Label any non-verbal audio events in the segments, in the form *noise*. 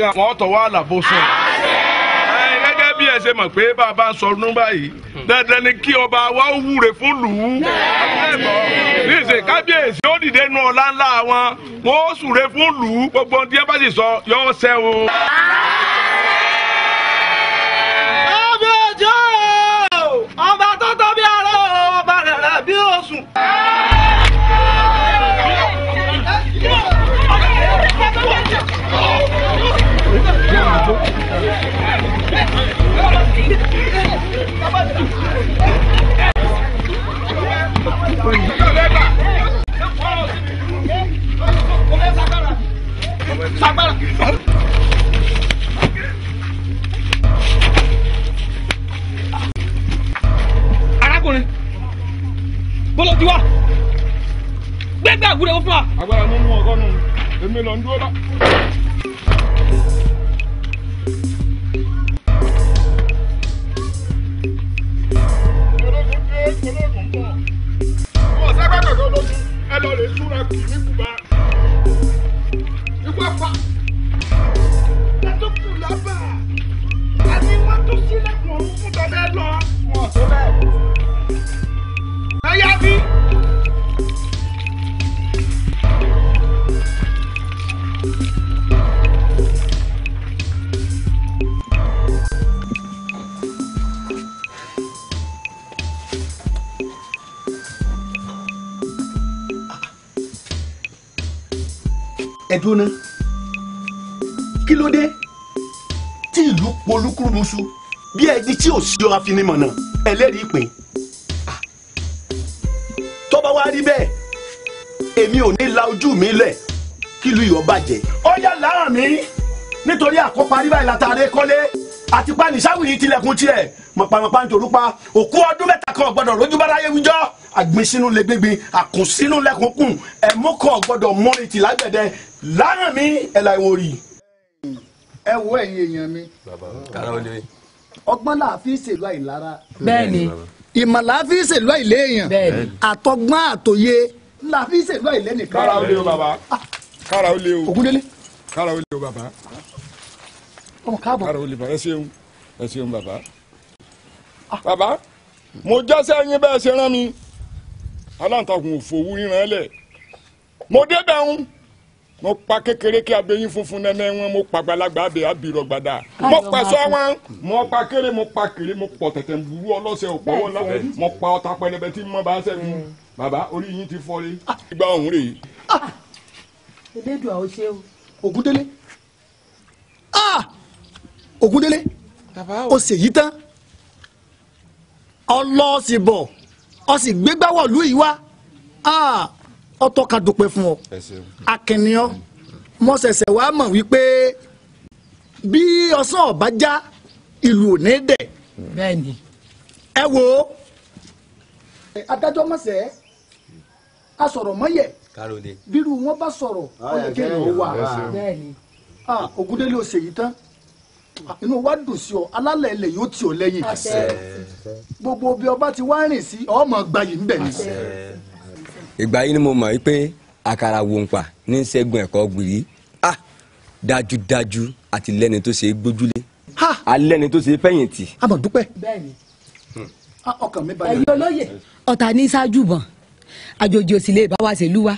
gan wọn tọ̀ wá àlàbò sùn. gẹ́gẹ́ bí ẹ ṣe mọ̀ pé bàbá ń sọdún báyìí dandan ni kí ọba wa ó wúre fún lù ú. níṣẹ́ kábíyèsí ó dìde nu ọ̀la ńlá wọn wọn ó súre fún lù ú gbogbo ohun tí ẹ bá sì sọ yọ ọ́ sẹ́wọ̀n. fagbára. arákùnrin bọ́lá ti wá gbẹgbẹ àgùrẹ wọn fún wa. agbára mú mú ọgọ́nù èmi lọ ń dúró lá. ẹ lọ lè súra kù ní kùbá ìwà fa. Tẹ́tọ́ kù lábà. Àní wọ́n tún sílẹ̀kùn ọ̀run fún tọ́lẹ́ lọ. Wọ́n tó bẹ́ẹ̀. ẹ̀dùn náà kí ló dé tí ìlú polúkúrúmuṣu bí ẹni tí ò sí ọ afinimọ̀nà ẹlẹ́rìí pín ah. tó bá wá rí bẹ́ẹ̀ èmi ò ní la ojú mi lẹ̀ kí ìlú ìwọ bàjẹ́ ó yà lára nítorí àkópa rí báyìí látàrí kọ́lé àti pa nìsáwìrì tilẹ̀kùn tiẹ̀ mọ̀pàmọ̀pà nítorúpa òkú ọdún mẹ́ta kan gbọ́dọ̀ lójúbára ayé wíjọ́ àgbìnsínú lè gbégbin àkùnsínú lẹ́kùnkùn ẹ̀mú kan gbọ́dọ̀ mọ́rin tì lágbẹ̀dẹ láràn mi ẹ̀là ìwò rì. ẹ wo ẹ̀yin èèyàn mi ọgbọ́n làá fi ṣèlú àìlára bẹ́ẹ̀ni ìmọ̀ làá fi ṣèlú àìléèyàn àtọgbọ́n àtòye làá fi ṣèlú àìlẹ́nìkan. kára ó lé o bàbá kára ó lé o ọmọ káàbọ̀. ara olùfà ẹ ṣeun ẹ ṣeun bàbá. Ah. bàbá mo jásẹ́ yín bẹ́ẹ̀ ṣe rán mi aláǹtakùn òfòwú ríran lẹ̀ mo débẹ̀ ń mo pa kékeré kí abẹ́yín funfun nẹ́nẹ́ wọn mo pa gbalagba abẹ́ abirọ̀ gbada mo pa sọ wọn mo pa kéré mo pa kéré mo pọ̀ tẹ̀tẹ̀ burú ọlọ́sẹ̀ òpọ̀wọ́ lọ́wọ́ mo pa ọta pẹlẹbẹ tí mo bá ṣẹ́ mi bàbá orí yín ti fọ́ rí igba ọ̀hún rèé. Ah! elédùn àwọn ṣe o ògúndélé. Ah! Ògúndélé o sì yí tán ọlọ́ọ̀sìbọ̀ ọ̀sì gbégbáwọ̀lú yìí wá ọtọ́ ah, ka dúpẹ́ fún ọ akẹniyàn mo ṣẹ̀ṣẹ̀ wá mọ̀ wípé bí ọsán ọba já ìlú ò ní dẹ̀ ẹ wo adájọ́ mọ̀sẹ̀ asọ̀rọ̀ mọ́yẹ̀ bírú wọn bá sọ̀rọ̀ ó ah, ah, lè ó wà Ògúndélé ó ṣèyí tán. Ah, inú wa dùn sí ọ alálẹ̀ ilẹ̀ yóò tì ọ lẹ́yìn gbogbo bí ọba ti wá rìn sí ọmọ gbayì ń bẹ̀ ni. ìgbà yìí ni mo mọ̀ wípé àkàrà wòǹpà ní ṣẹ́gun ẹ̀kọ́ gbìrì ah dájúdájú àti lẹ́ni tó ṣe é gbójúlé alẹ́ ni tó ṣe é fẹ̀yìntì. a mọ̀ dúpẹ́ hmm. ah, ọkàn mi balẹ̀. ẹ̀yin olóye ọ̀tá ní ṣáájú bọ̀n àjòjì òsì lè bá wa ṣèlú wa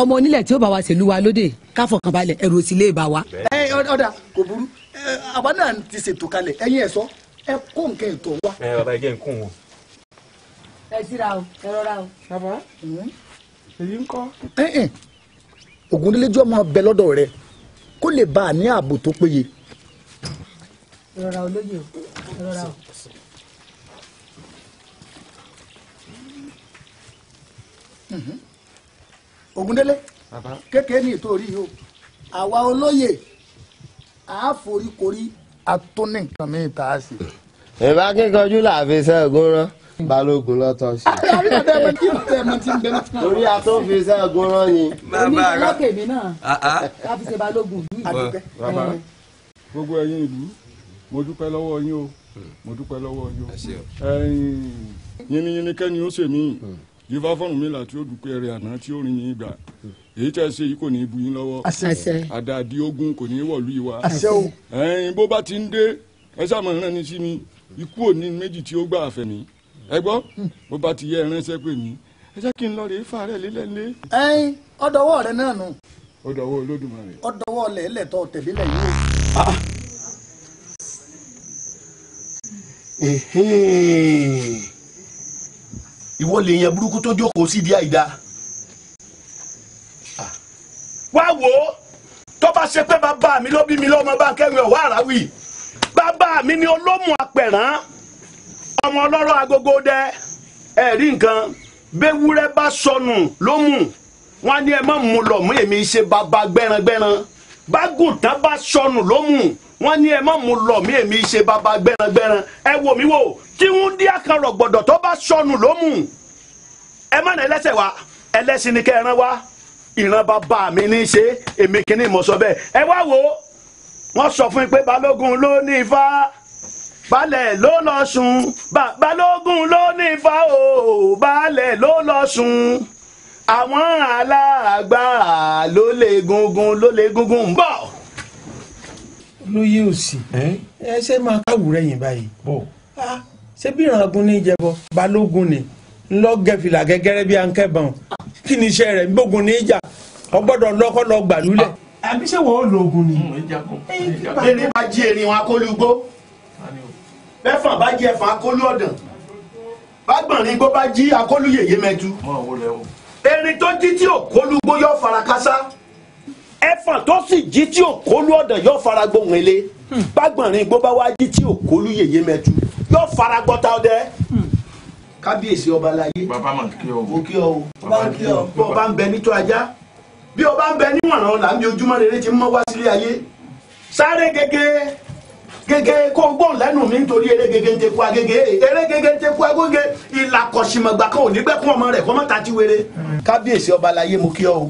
ọmọ onílẹ̀ tí ó bá wa ṣèlú wa lóde káfọ̀kàn balẹ̀ ẹ̀rù òsì lè bá wa. ẹ ọ̀dà kò burú Eh, àbá náà ti ṣètò kalẹ̀ ẹ̀yin ẹ̀ sọ ẹ kó nǹkan ètò wa. ẹ ọ̀rọ̀ ẹ jẹ́ ń kún wọn. ẹ síra o ẹ rọra o. bàbá hmm? èyí ń máa bẹ lọ́dọ̀ rẹ kó lè bá a ní ààbò tó péye. rọra olóyè o rọra o. Mhm. Ògúndélé kékeré ètò orí yìí o àwa a foríkorí a tó ní nǹkan mi tá a ṣe. ìbá kíkanjú làfi ṣẹ́gun rán balógun lọ́tọ̀ sí. torí a tó fi ṣẹ́gun rán ni. bàbá rà lókè mi náà ah, ah. ká fi ṣe balógun ìlú ìdúpẹ́. bàbá gbogbo ẹ̀yin ìlú mo dúpẹ́ lọ́wọ́ yín o mo dúpẹ́ lọ́wọ́ yín o yínníyínní kẹ́ni ó ṣèmí yìí fáfọ́nù mi là tí ó dúpẹ́ rẹ̀ àná tí ó rìn yín gbà èyí tẹ́ ẹ ṣe yìí kò ní í bu yín lọ́wọ́ àdàdì ogun kò ní í wọ̀lú yìí wá ẹ̀yin bó bá ti ń dé ẹ sàmọ̀ rán ni sí mi ikú òní méjì tí ó gbà àfẹ́ mi ẹ gbọ́ bó bá ti yẹ ẹ ránṣẹ́ pè mí ẹ jẹ́ kí n lọ rèé fà rẹ̀ lélẹ̀ lé. ẹ̀yin ọdọwọ rẹ náà nù. ọdọwọ Olódùmarè. ọdọwọ lẹẹlẹ tọ tẹlẹ lẹ́yìn o. Ah. ìwọ lè yan burúkú tó jókòó sídìí àìdáa wá wo, ó tó bá ṣe pé bàbá mi ló bí mi lọ́mọ bá ń kẹ́rin ọ̀wá àràwì bàbá mi ni olómù apẹ̀rán ọmọ ọlọ́rọ̀ agogo dẹ ẹ̀rí nǹkan béwúrẹ́ bá sọnù lómù wọn ní ẹ má mú lọ mú èmi ṣe bàbá gbẹrangbẹran bágùntàn bá sọnù lómù wọn ní ẹ má mú lọ mí èmi ṣe bàbá gbẹrangbẹran ẹ wò mí wò tí wọn dí àkàrọ̀ gbọ̀dọ̀ tó bá sọnù lómù ẹ má nà ẹlẹ́sẹ̀ wa ẹlẹ́sìn ni kẹ́ wa ìran bàbá mi ní í ṣe èmi kìíní mọ̀ sọ bẹ́ẹ̀ ẹ wá wo wọ́n sọ fún mi pé balógun ló ní ifá balẹ̀ ló lọ sùn balógun ló ní ifá o balẹ̀ ló lọ sùn àwọn aláàgbà ló lè gungun ló lè gungun ń bọ̀. olóyè òsì ẹ ṣe máa káwùrẹ́ yìí báyìí ṣé bí ìràngun ní ìjẹbọ balógun ni ńlọgẹfìlà gẹ́gẹ́rẹ́ bíi ankẹbọn kí ni iṣẹ́ rẹ̀ gbógun ní ìjà ó gbọ́dọ̀ lọ́kọ́ lọ gbàlúlẹ̀. àbí ṣé wọ́n oògùn ni. ẹni bá jí ẹni wọn akólú gbó bẹ́fà bá jí ẹfà akólú ọ̀dàn bágbọ̀nrín gbó bá jí akólú yèyé mẹ́tu ẹni tó jí tí ò kólú gbó yóò fara kásá ẹfọ̀n tó sì jí tí òkólú ọ̀dàn yóò fara gbóhùn ele bágbọ̀nrín gbó bá wá jí tí òkólú yèyé mẹ́tu yóò fara gbọ́ta ọdẹ kábíyèsí ọba láyé bàbá mà kí ọ o kí ọ o bàbá kí ọ bọ ọba ń bẹ nítọ ajá bí ọba ń bẹ níwọ̀nà là ń bí ojúmọ́ rere ti mọ́ wá sílé ayé sáré gègé gègé kó gbọ́n lẹ́nu mi nítorí eré gègé ń teku agége eré gègé ń teku agége ìlàkọ̀sìmọ̀gbà kan ò ní gbẹ́kún ọmọ rẹ̀ kọ́mọ́ ta ti wéré kábíyèsí ọba láyé mo kí ọ o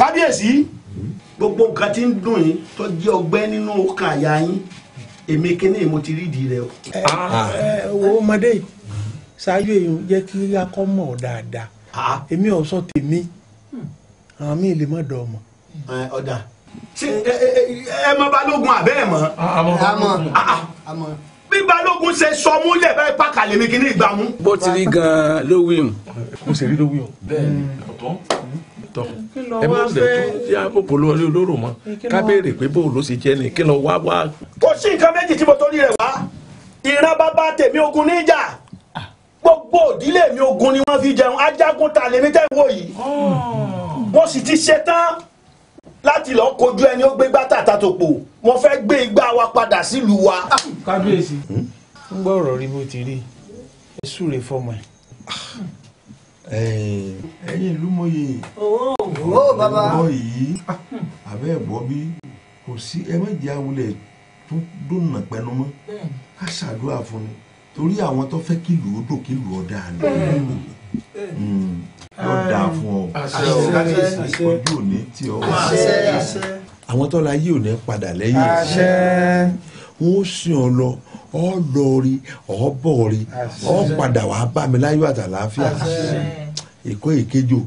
kábíyèsí gbogbo nǹkan tí ń dùn yín tó jẹ́ ọgbẹ́ nínú ọkàn àyà yín èmi kíní mo ti rídìí rẹ o. Ah. wo ọmọdé ṣáájú èèyàn jẹ́ kí akọ́ mọ̀ ọ́ dáadáa ah. èmi ò sọ tèmi àwọn míì lè má dọ̀ ọmọ. ọ̀dà ẹ mọ balógun àbẹ́ ẹ̀ mọ́. àmọ́ bí balógun ṣe sọ múlẹ̀ bẹ́ẹ̀ pàkàlẹ̀ mi kíní ìgbà mú. bó ti rí gan-an ló wí hùn. mo sì rí ló wí hùn. bẹ́ẹ̀ ni mm tọ ẹ má lè tún tí àbòkò lórí olóró mọ ká béèrè pé bó ló sì jẹ ní kí lọ wá wá. kò sí nǹkan méjì tí mo torí rẹ̀ wá ìran bàbá tèmi ogun níjà ah. gbogbo òdílé mi ogun ni wọ́n fi jẹun ajagun ta lèmi tẹ́ wò yìí oh. mo sì ti ṣetán láti lọ kojú ẹni ó gbé gbàtà tàtòpò mo fẹ́ gbé igbá wa padà sílùú wa. Ah, kábíyèsí ń hmm? gbọ́ ọ̀rọ̀ rí bó ti rí ẹ súre fọmọ ẹ̀. Ah ẹ̀yin ìlú mòye ọwọ́ yìí ah, abẹ́ ẹ̀gbọ́ bí kò sí ẹ má jẹ́ awulẹ̀ tó dóná pẹnu mọ́ ká ṣàdúrà fún ni torí àwọn tó fẹ́ kí ìlú ó dò kí ìlú ó dáa ni mm, yóò dáa fún ọ ojú òní tí ọ wà àwọn tó la yí òní padà lẹ́yìn wọn ó sìn ọ lọ ọ lọ rí ọ bọ̀ rí ọ padà wàá bá mi láyọ̀ àtàlàáfíà ìkọ́ ìkejò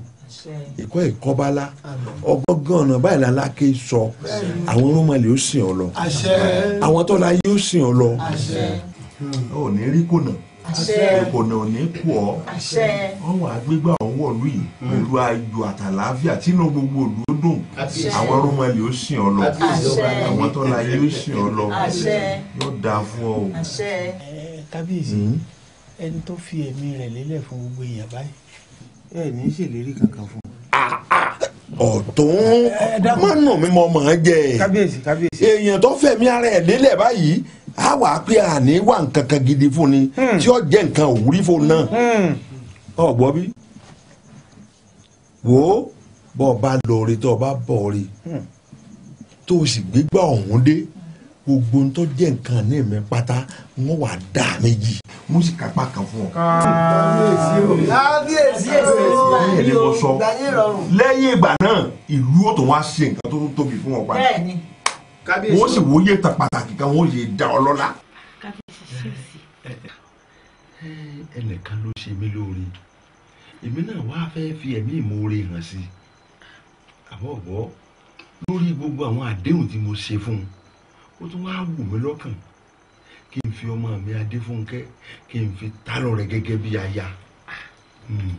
ìkọ́ ìkọ́bálá ọgọ́gán ọ̀nà báyìí lálá ké sọ àwọn irúnmọlẹ̀ ó sìn ọ lọ àwọn tọ́lá yóò sìn ọ lọ ò ní rí kùnà ìkùnà ò ní kù ọ́ ọ̀wọ́ àgbégbà ọ̀wọ́ ìlú yìí hmm. pẹ̀lú ayọ̀ àtàlàáfíà tínú gbogbo ìlú dùn àwọn rúmọlì ó sìn ọ lọ àwọn tó la yé ó sìn ọ lọ yóò dáa fún ọ. kábíyèsí hmm? ẹni tó fi ẹ̀mí rẹ̀ lélẹ̀ fún gbogbo èèyàn báyìí ẹ ní í ṣèlérí kankan fún un ah, ah. ọ̀tún má nà mí mọ́ mọ́ jẹ èèyàn tó fẹ̀mí ara ẹ̀ lélẹ̀ báyìí á wà á pé àní wà nǹkan kan gidi fún ni hmm. tí ó jẹ́ nǹkan òwúrí fún náà hmm. ọ̀gbọ́n bí wo bọ́ ọ bá lọ rí tó o bá bọ̀ rí tó o sì gbégbá ọ̀hún dé gbogbo ń tọ́ jẹ́ nǹkan ní mi pátá wọ́n wà dá méjì músìkà pa kan fún ọ. kábíyèsí o kábíyèsí o lẹ́yìn ìgbà náà ìlú ó tó wá ṣe nǹkan tó tóbi fún ọ padà wọ́n sì wòye ta pàtàkì kan wọ́n yé da ọ lọ́lá. ẹnìkan ló ṣe mí lóore èmi náà wá fẹ́ fi ẹ̀mí ìmoore hàn sí i àbọ̀bọ̀ lórí gbogbo àwọn àdéhùn tí mo ṣe fún un ó tún wá wù mí lọ́kàn kí n fi ọmọ mi Adéfúnkẹ́ kí n fi ta lọ́rẹ gẹ́gẹ́ bí aya. Hmm.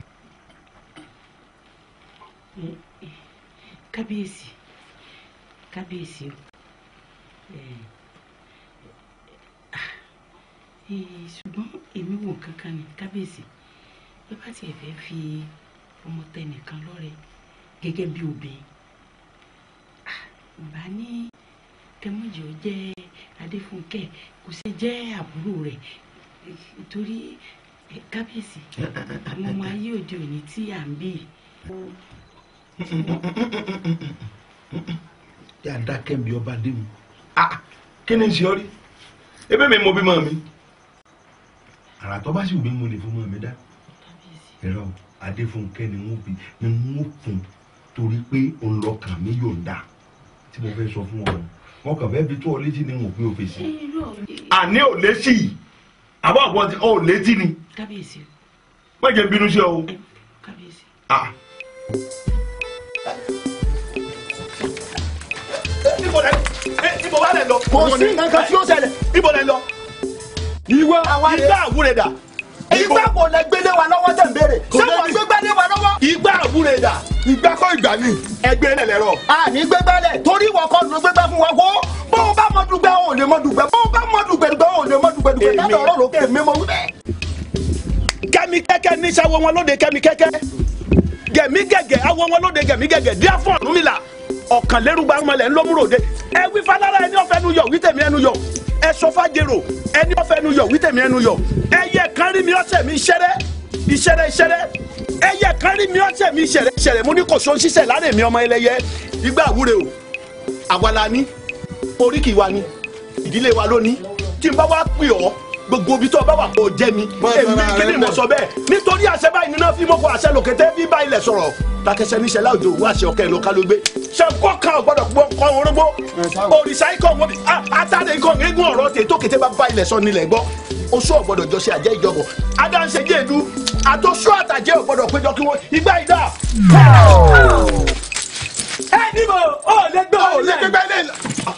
kábíyèsí kábíyèsí o ṣùgbọ́n èmi wò kankan ni kábíyèsí bí bá tiẹ̀ fẹ́ fi ọmọ tẹnìkan lọ́rẹ gẹ́gẹ́ bí obìnrin bá ní kẹmọjì ó jẹ adéfúnkẹ kò sì jẹ àbúrò rẹ torí kábíyèsí àwọn ọmọ ayé òde òní tí à ń bí. yàda kẹ́mi ọba dé mi ah, kí ni ṣe ọ rí ebe mi mo bímọ mi àrà tó bá sì wù mí mo lè fún mọ mi dá ẹ̀rọ adéfúnkẹ́ ni wọ́n bí ni wọ́n kún torí pé òun lọ́kàn mi yóò dáa tí mo fẹ́ sọ fún ọ wọn kàn fẹ́ bi tó ọ létí ni wọn ò pé o àní ò létí àbọ̀ ọ̀pọ̀ ti ò létí ni. kábíyèsí o. wọ́n jẹ́ bínú sí ọ o. kábíyèsí. níbo lẹ níbo lẹ lọ. kò sí nǹkan tí ó ṣẹlẹ̀. níbo lẹ lọ. ìwọ ìgbà àwúrẹ̀dà ìgbà kò lẹ gbélé wa lọ́wọ́ tẹ̀ ń béèrè ṣé wọ́n gbé gbélé wa lọ́wọ́. ìgbà àbúrò dà. ìgbà kọ́ ìgbà ni ẹgbẹ́ rẹ̀ lẹ́rọ. a ní gbẹgbẹ́lẹ̀ torí ìwọ kọ́ ló gbẹgbẹ́ fún wa kó bó o bá mọ dùgbẹ́ o lè mọ dùgbẹ́ bó o bá mọ dùgbẹ́ dùgbẹ́ lè mọ dùgbẹ́ dùgbẹ́ ọ̀rọ̀ lókè mímọ́ wípé. kẹ́mi kẹ́kẹ́ ní fẹnu yọ wí tèmi ẹnu yọ ẹyẹ kan rí mi ọ̀sẹ̀ mi ṣẹrẹ ìṣẹrẹ ìṣẹrẹ ẹyẹ kan rí mi ọ̀sẹ̀ mi ṣẹrẹ ìṣẹrẹ mo ní kò so ṣiṣẹ lára mi ọmọ ẹlẹ́yẹ ìgbà àwúre o àwa la ní oríkì wa ní ìdílé wa ló ní tí n bá wá pè ọ́ gbogbo ibi tó o bá wà kó o jẹ́ mi èmi kíni mo sọ bẹ́ẹ̀ nítorí àṣẹ báyìí níná fi mọ́kọ àṣẹ lòkété bí báyìí lẹ̀ sọ̀rọ̀ takẹsẹ níṣẹ́ láwùjọ òwú àṣẹ ọ̀kẹ́ ló ká ló gbé ṣàǹkọ́ kan ọ̀gbọ́dọ̀ pọ̀ kọ́ orógbó òrìṣà ikọ̀ wọn bí àtàdé ikọ̀ gígùn ọ̀rọ̀ tè tó kété bá bá ilẹ̀ sọ nílẹ̀ gbọ́ oṣù ọ̀gbọ́dọ̀ jọ ṣe àjẹ́ ìjọbọ̀ adáǹṣe jẹ́ẹ̀dú àtọ́ṣù àtàjẹ́ ọ̀gbọ́dọ̀ péjọ kí wọ́n igbá ìdá. ẹnìbò ò lè gbọ́ ò lè gbẹ́gbẹ́ lè. Ah,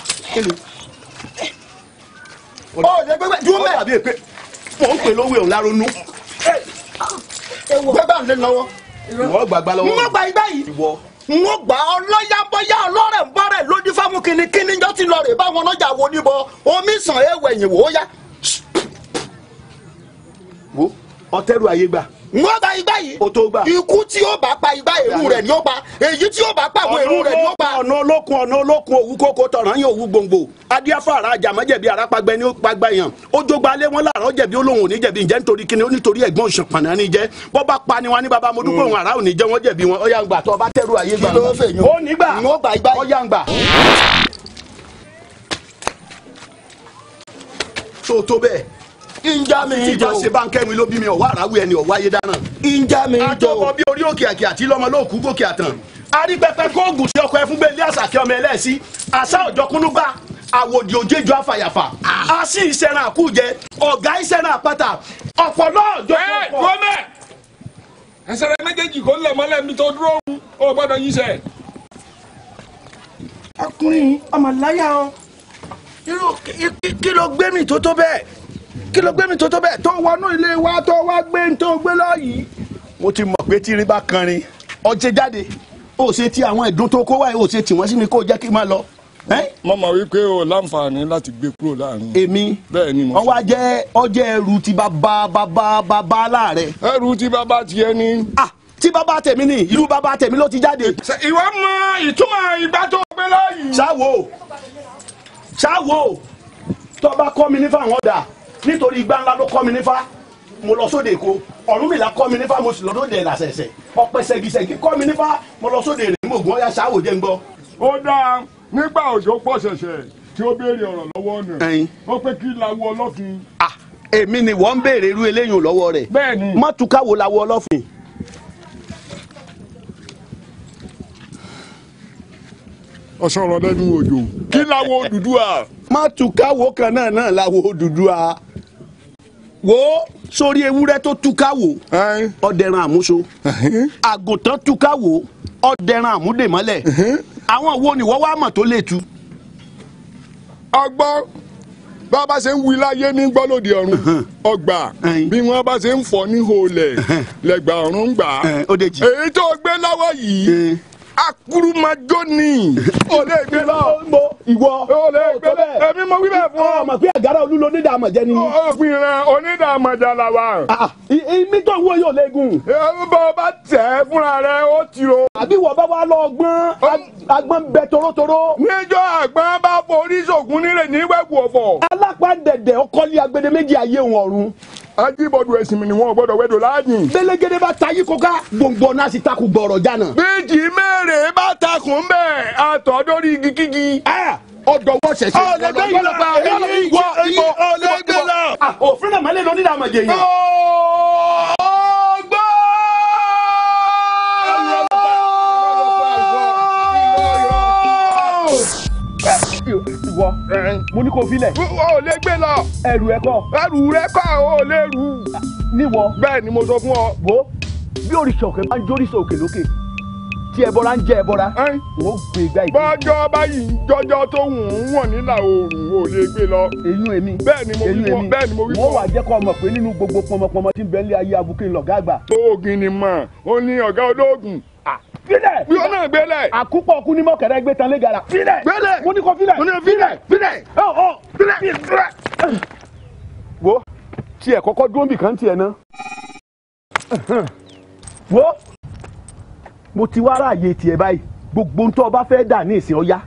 ó lè gbẹgbẹ dúró mẹ. ó dàbí èpè mò ń pè lówó òun láronú. gbẹgbẹ òun lè lọ́wọ́. ìwọ gbàgbà lọ́wọ́. mo gbà igbá yìí. ìwọ wọn gbà ọlọ́yàbọ̀yà ọlọ́rẹ̀ ń bọ́rẹ̀ lódì fáwọn kìnnìkìnnì yọ ti lọ rè báwọn ọlọ́jà wo níbọ̀ omi sàn ẹ̀wẹ̀ yìí wò ó yá. wo ọtẹ́rù ayé gbà n ó gba igbá yìí. o tó gbà. ikú tí ó bá pa igbá èrú rẹ̀ ni ó pa èyí tí ó bá pa àwọn èrú rẹ̀ ni ó pa. ọ̀nà olókun ọ̀nà olókun òwú kókó tọ̀ràn yín òwú gbòǹgbò adíáfà ara àjàmọ́jẹ̀bi arápagbẹ́ ni ó pagbá yàn ó jógba alẹ́ wọn láàárọ̀ jẹ̀bi olóhùn òní jẹ̀bi ǹjẹ́ nítorí kíni nítorí ẹ̀gbọ́n òṣùpànà ni jẹ́ bọ́ bá pa ni wọn ní baba mo dúpẹ́ hmm. òun àrà òní jẹ́ wọ́n jẹ̀bi wọn ọ̀yà ń gbà ó ìjà mi ìjọ. ìjọ ṣe bá ló bí mi ọ̀wá àràwé ẹni ọ̀wá ayé dáná. ìjà mi ìjọ. àjọpọ̀ bí orí òkè àkè àti lọ́mọ lóòkú gòkè àtàn. arípẹpẹ kóògùn tí ọkọ ẹ fún gbélé ọmọ ẹlẹ́sí àṣà òjọkúnúgbà àwòdì òjèjọ àfàyàfà a sì ìṣẹ̀ràn àkújẹ ọ̀gá ìṣẹ̀ràn àpáta ọ̀pọ̀lọ́ ọ̀pọ̀. ẹsẹ̀ rẹ kí ló gbé mi tó tó bẹ́ẹ̀ kí ló gbé mi tó tó bẹ́ẹ̀ tó wọnú ilé wa tó wá gbé tó gbé lọ mo ti mọ̀ pé tírin bá kan ọjẹ́ jáde ó ṣe ti àwọn ìdún tó kó wáyé ó ṣe tì wọ́n sí mi kó jẹ́ kí n máa lọ. mo mọ̀ wípé o láǹfààní láti gbé kúrò láàrin. èmi wọ́n wá jẹ́ ọjẹ́ ẹrù ti bàbá bàbá bàbá láàrẹ. ẹrù ti bàbá tiẹ̀ ni. ah tí bàbá tèmi ni irú bàbá tèmi ló ti jáde. ìwọ mọ ìtumọ̀ ìgbà tó gbé lọ́yìn. ṣáwo ṣáwo tó bá kọ́ mi nífà wọn dà nítorí gbáńlá ló kọ́ mi nífá mo lọ sóde èkó Ọ̀rúnmìlà kọ́ mi nífá mo sì lọ sóde làṣẹ̀ṣẹ̀ ọ̀pẹ ṣẹ̀gìṣẹ̀gì kọ́ mi nífá mo lọ sóde rẹ̀ mo gbọ́n ya ṣáwò jẹ́ ń gbọ́. ó dáa nígbà òjò pọ̀ ṣẹ̀ṣẹ̀ tí ó béèrè ọ̀rọ̀ lọ́wọ́ ọ̀nà ó pé kí lawọ ọlọ́fin. èmi ni wọ́n ń béèrè irú eléyìí lọ́wọ́ rẹ̀ mọ́túkáwo lawọ ọlọ́fin. ọ̀sán ọ̀rọ̀ lẹ́nu òjò kí lawọ Odùduwà. mọ́túkáwo kan náà wo sórí ewúrẹ́ tó túká wò ọdẹran àmúso àgùntàn túká wò ọdẹran àmúdèmọ́lẹ̀ àwọn wo ni wọ́n wá mọ̀ tó lè tu. ọgbọ́n bá a bá ṣe ń wí láyé ní gbọ́lódì ọ̀run ọgbà bí wọ́n bá ṣe ń fọ́ ní holẹ̀ lẹ́gbà ọ̀run gbà èyí tó gbé lọ́wọ́ yìí akurumajó ni. o lè gbé lọ ìwọ o lè gbé lọ èmi mo wí bẹ́ẹ̀ fún ọ. ọmọ pé àgárá olú ló nídàá àmọ̀jẹ ni. òpinran onídàá àmọ̀jẹ là wà. Ah, ah, mi tó wọ yóò léegun. bó o bá tẹ̀ ẹ́ fúnra rẹ ó ti ro. àbí wọ́n bá wá lọ gbọ́n agbọ́n bẹ torótoró. níjọ́ àgbọn bá forí sògùn nílẹ̀ níwẹ̀wò ọ̀fọ̀. alápá dẹ̀dẹ̀ ọkọ lé agbede méjì ayé òun ọ̀run ajíbọdù ẹ̀sìn mi ni wọn gbọ́dọ̀ wẹdọ láàyìn. gbẹlẹgẹdẹ bá ta yìí kọká gbòǹgbò náà sì takùn gbọrọ jana. bíjì mẹ́rẹ̀ bá takùn bẹ́ẹ̀ àtọ̀ dórí igi kígi. ọ̀dọ̀ wọ ṣẹ̀ṣẹ̀ ọ̀dọ̀ gbẹ yìí lọpa yìí wọ ìbò ọlẹgbẹ lọ. òfin náà mọlẹ lọ nílẹ àmàjẹ yìí. ọgbọ́n. ìwọ mo ní kó filẹ̀. o ò lè gbé lọ. ẹrù ẹ ẹrù rẹ o ò lè rù. níwọ. bẹ́ẹ̀ ni mo sọ fún ọ. wo bí òrìṣà òkè máa ń jóríṣà òkè lókè tí ẹbọra ń jẹ ẹbọra. o gbé igbá ìdí. bọ́jọ́ báyìí jọjọ́ tó wùn ún wọ̀n nílà oòrùn o lè gbé lọ. èyún èmi èyún èmi wọ́n wà jẹ́ kọ́ ọmọ pé nínú gbogbo pọmọpọmọ tí ń bẹ́ẹ̀ lé ayé abúkẹ́ ńlọ̀gá àgbà. oògùn ni mọ̀ ó ní ọ̀gá olóògùn filẹ̀. mi ò náà gbélé. àkúpọ̀ kú ní mọ̀kẹ́rẹ́ gbé tán lẹ́gàrà. filẹ̀ gbélé mo ní kó filẹ̀. mo ní filẹ̀ filẹ̀ filẹ̀ filẹ̀. wo tiẹ̀ kọ́kọ́ dúró nbìkan tiẹ̀ ná. wo mo ti wá ráàyè tiẹ̀ báyìí gbogbo ntọ́ bá fẹ́ dà ní ìsìn ọ̀yá.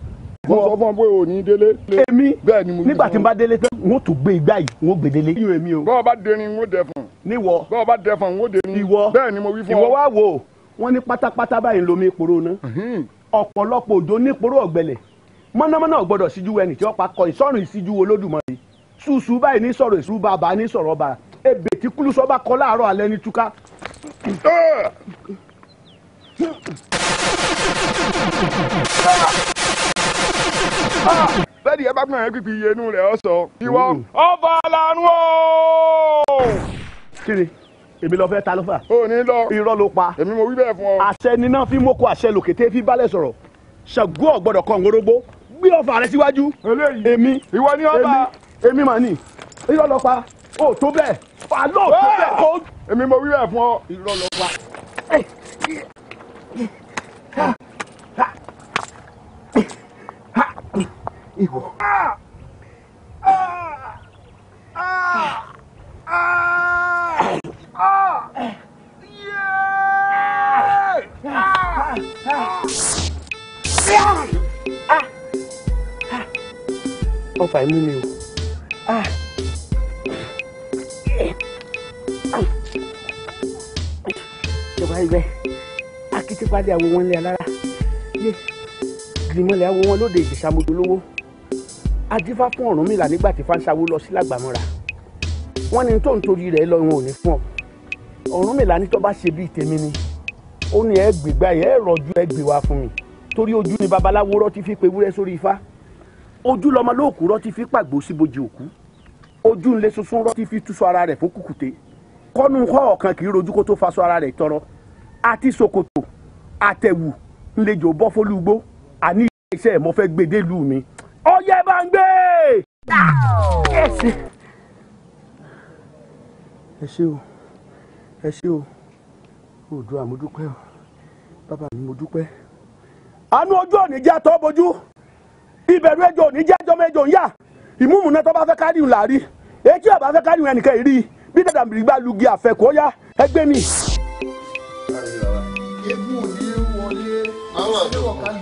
mo sọ fún ọ pé o ní délé. èmi nígbà tí n bá délé tán n ó tún gbé igbá yìí n ó gbé délé. bọ́ọ̀ bá dẹrin n ó dẹ fún. níwọ. bọ́ọ̀ bá dẹ fún n ó dẹrin. ìwọ bẹ́ẹ̀ ni mo wí fún ọ. ìwọ wá wò wọ́n ní pátápátá báyìí lomi ìpòrò ná mhm. ọ̀pọ̀lọpọ̀ òjò nípòrò ọ̀gbẹlẹ̀ mọ́nàmọ́ná gbọ́dọ̀ síjú ẹni tí wọ́n pa kọ ìsọ̀rùn ìsíjú olódùmarè ṣùṣù báyìí ní sọ̀rọ̀ ìṣú bàbá ní sọ̀rọ̀ bàbá ebè tí kúlùsọ bá kọ láàárọ̀ alẹ́ ní túká. bẹ́ẹ̀ni ẹ bá gbọ́n yẹn pípi iye inú rẹ̀ ọ sọ. ìwọ ọba lanu ooo. kiri èmi lọ fẹ́ ta ló fà. o ní lọ irọ́ ló pa. èmi mo wí bẹ́ẹ̀ fún ọ. àṣẹ níná fi mọ́kọ àṣẹ lòkété fi balẹ̀ sọ̀rọ̀ ṣàgó ọ̀gbọ́dọ̀ kan ngorógbó gbé ọfà rẹ síwájú. eléyìí èmi ìwọ ni ọba. èmi mà ní irọ́ ló pa o tó bẹ́ẹ̀ àlọ́ tó bẹ́ẹ̀ kó. èmi mo wí bẹ́ẹ̀ fún ọ irọ́ ló pa. ìwọ. Ah! ọfà ìmú mi o. ìjọba ìgbẹ́ akitipadé àwọn wọn lé alára yé gbìmọ̀lẹ̀ àwọn wọn lóde ìgbésàmójú lówó adífá fún Ọ̀rúnmìlà nígbà tí fáńsáwó lọ sí làgbàmọ́ra wọ́n ní tó ń torí rẹ̀ lọ wọn ò ní fún ọ. Ọ̀rúnmìlà ní tó bá ṣe bíi tèmi ni ó ní ẹ gbègbà yẹ rọ̀jú ẹ gbè fún mi torí ojú ni babaláwo rọtí fi pe ewúrẹ́ sórí ifá ojú lọmọ lóòkú rọtí fi pàgbó síbojì òkú ojú ńlẹ sunsun rọtí fi túṣọ ara rẹ̀ fún kùkùté kọnu hàn ọ̀kan kì í rojú kó tó faṣọ ara rẹ̀ tọrọ àti ṣòkòtò àtẹ̀wù ńlẹjọ bọ fólúgbó àní iṣẹ́ mọ́ fẹ́ gbèdé lù mí ọyẹ bá ń gbé. ẹ ṣe ẹ ṣe o ẹ ṣé o Oòduà mo dúpẹ́ o bàbá mi mo dúpẹ́. àánú ojú òní jẹ́ àtọ́ bojú ìbẹ̀rù ejò òní jẹ́ ẹjọ́ méjò ń yà ìmúmùná tó bá fẹ́ kárí ìhùn làárí etí ọ̀bá fẹ́ kárí ìhùn ẹnìkan ìrí bí dàdà mìíràn bá lugi àfẹ́kù ó yá ẹgbẹ́ mi. egun òní wọlé àṣewọ̀ kálí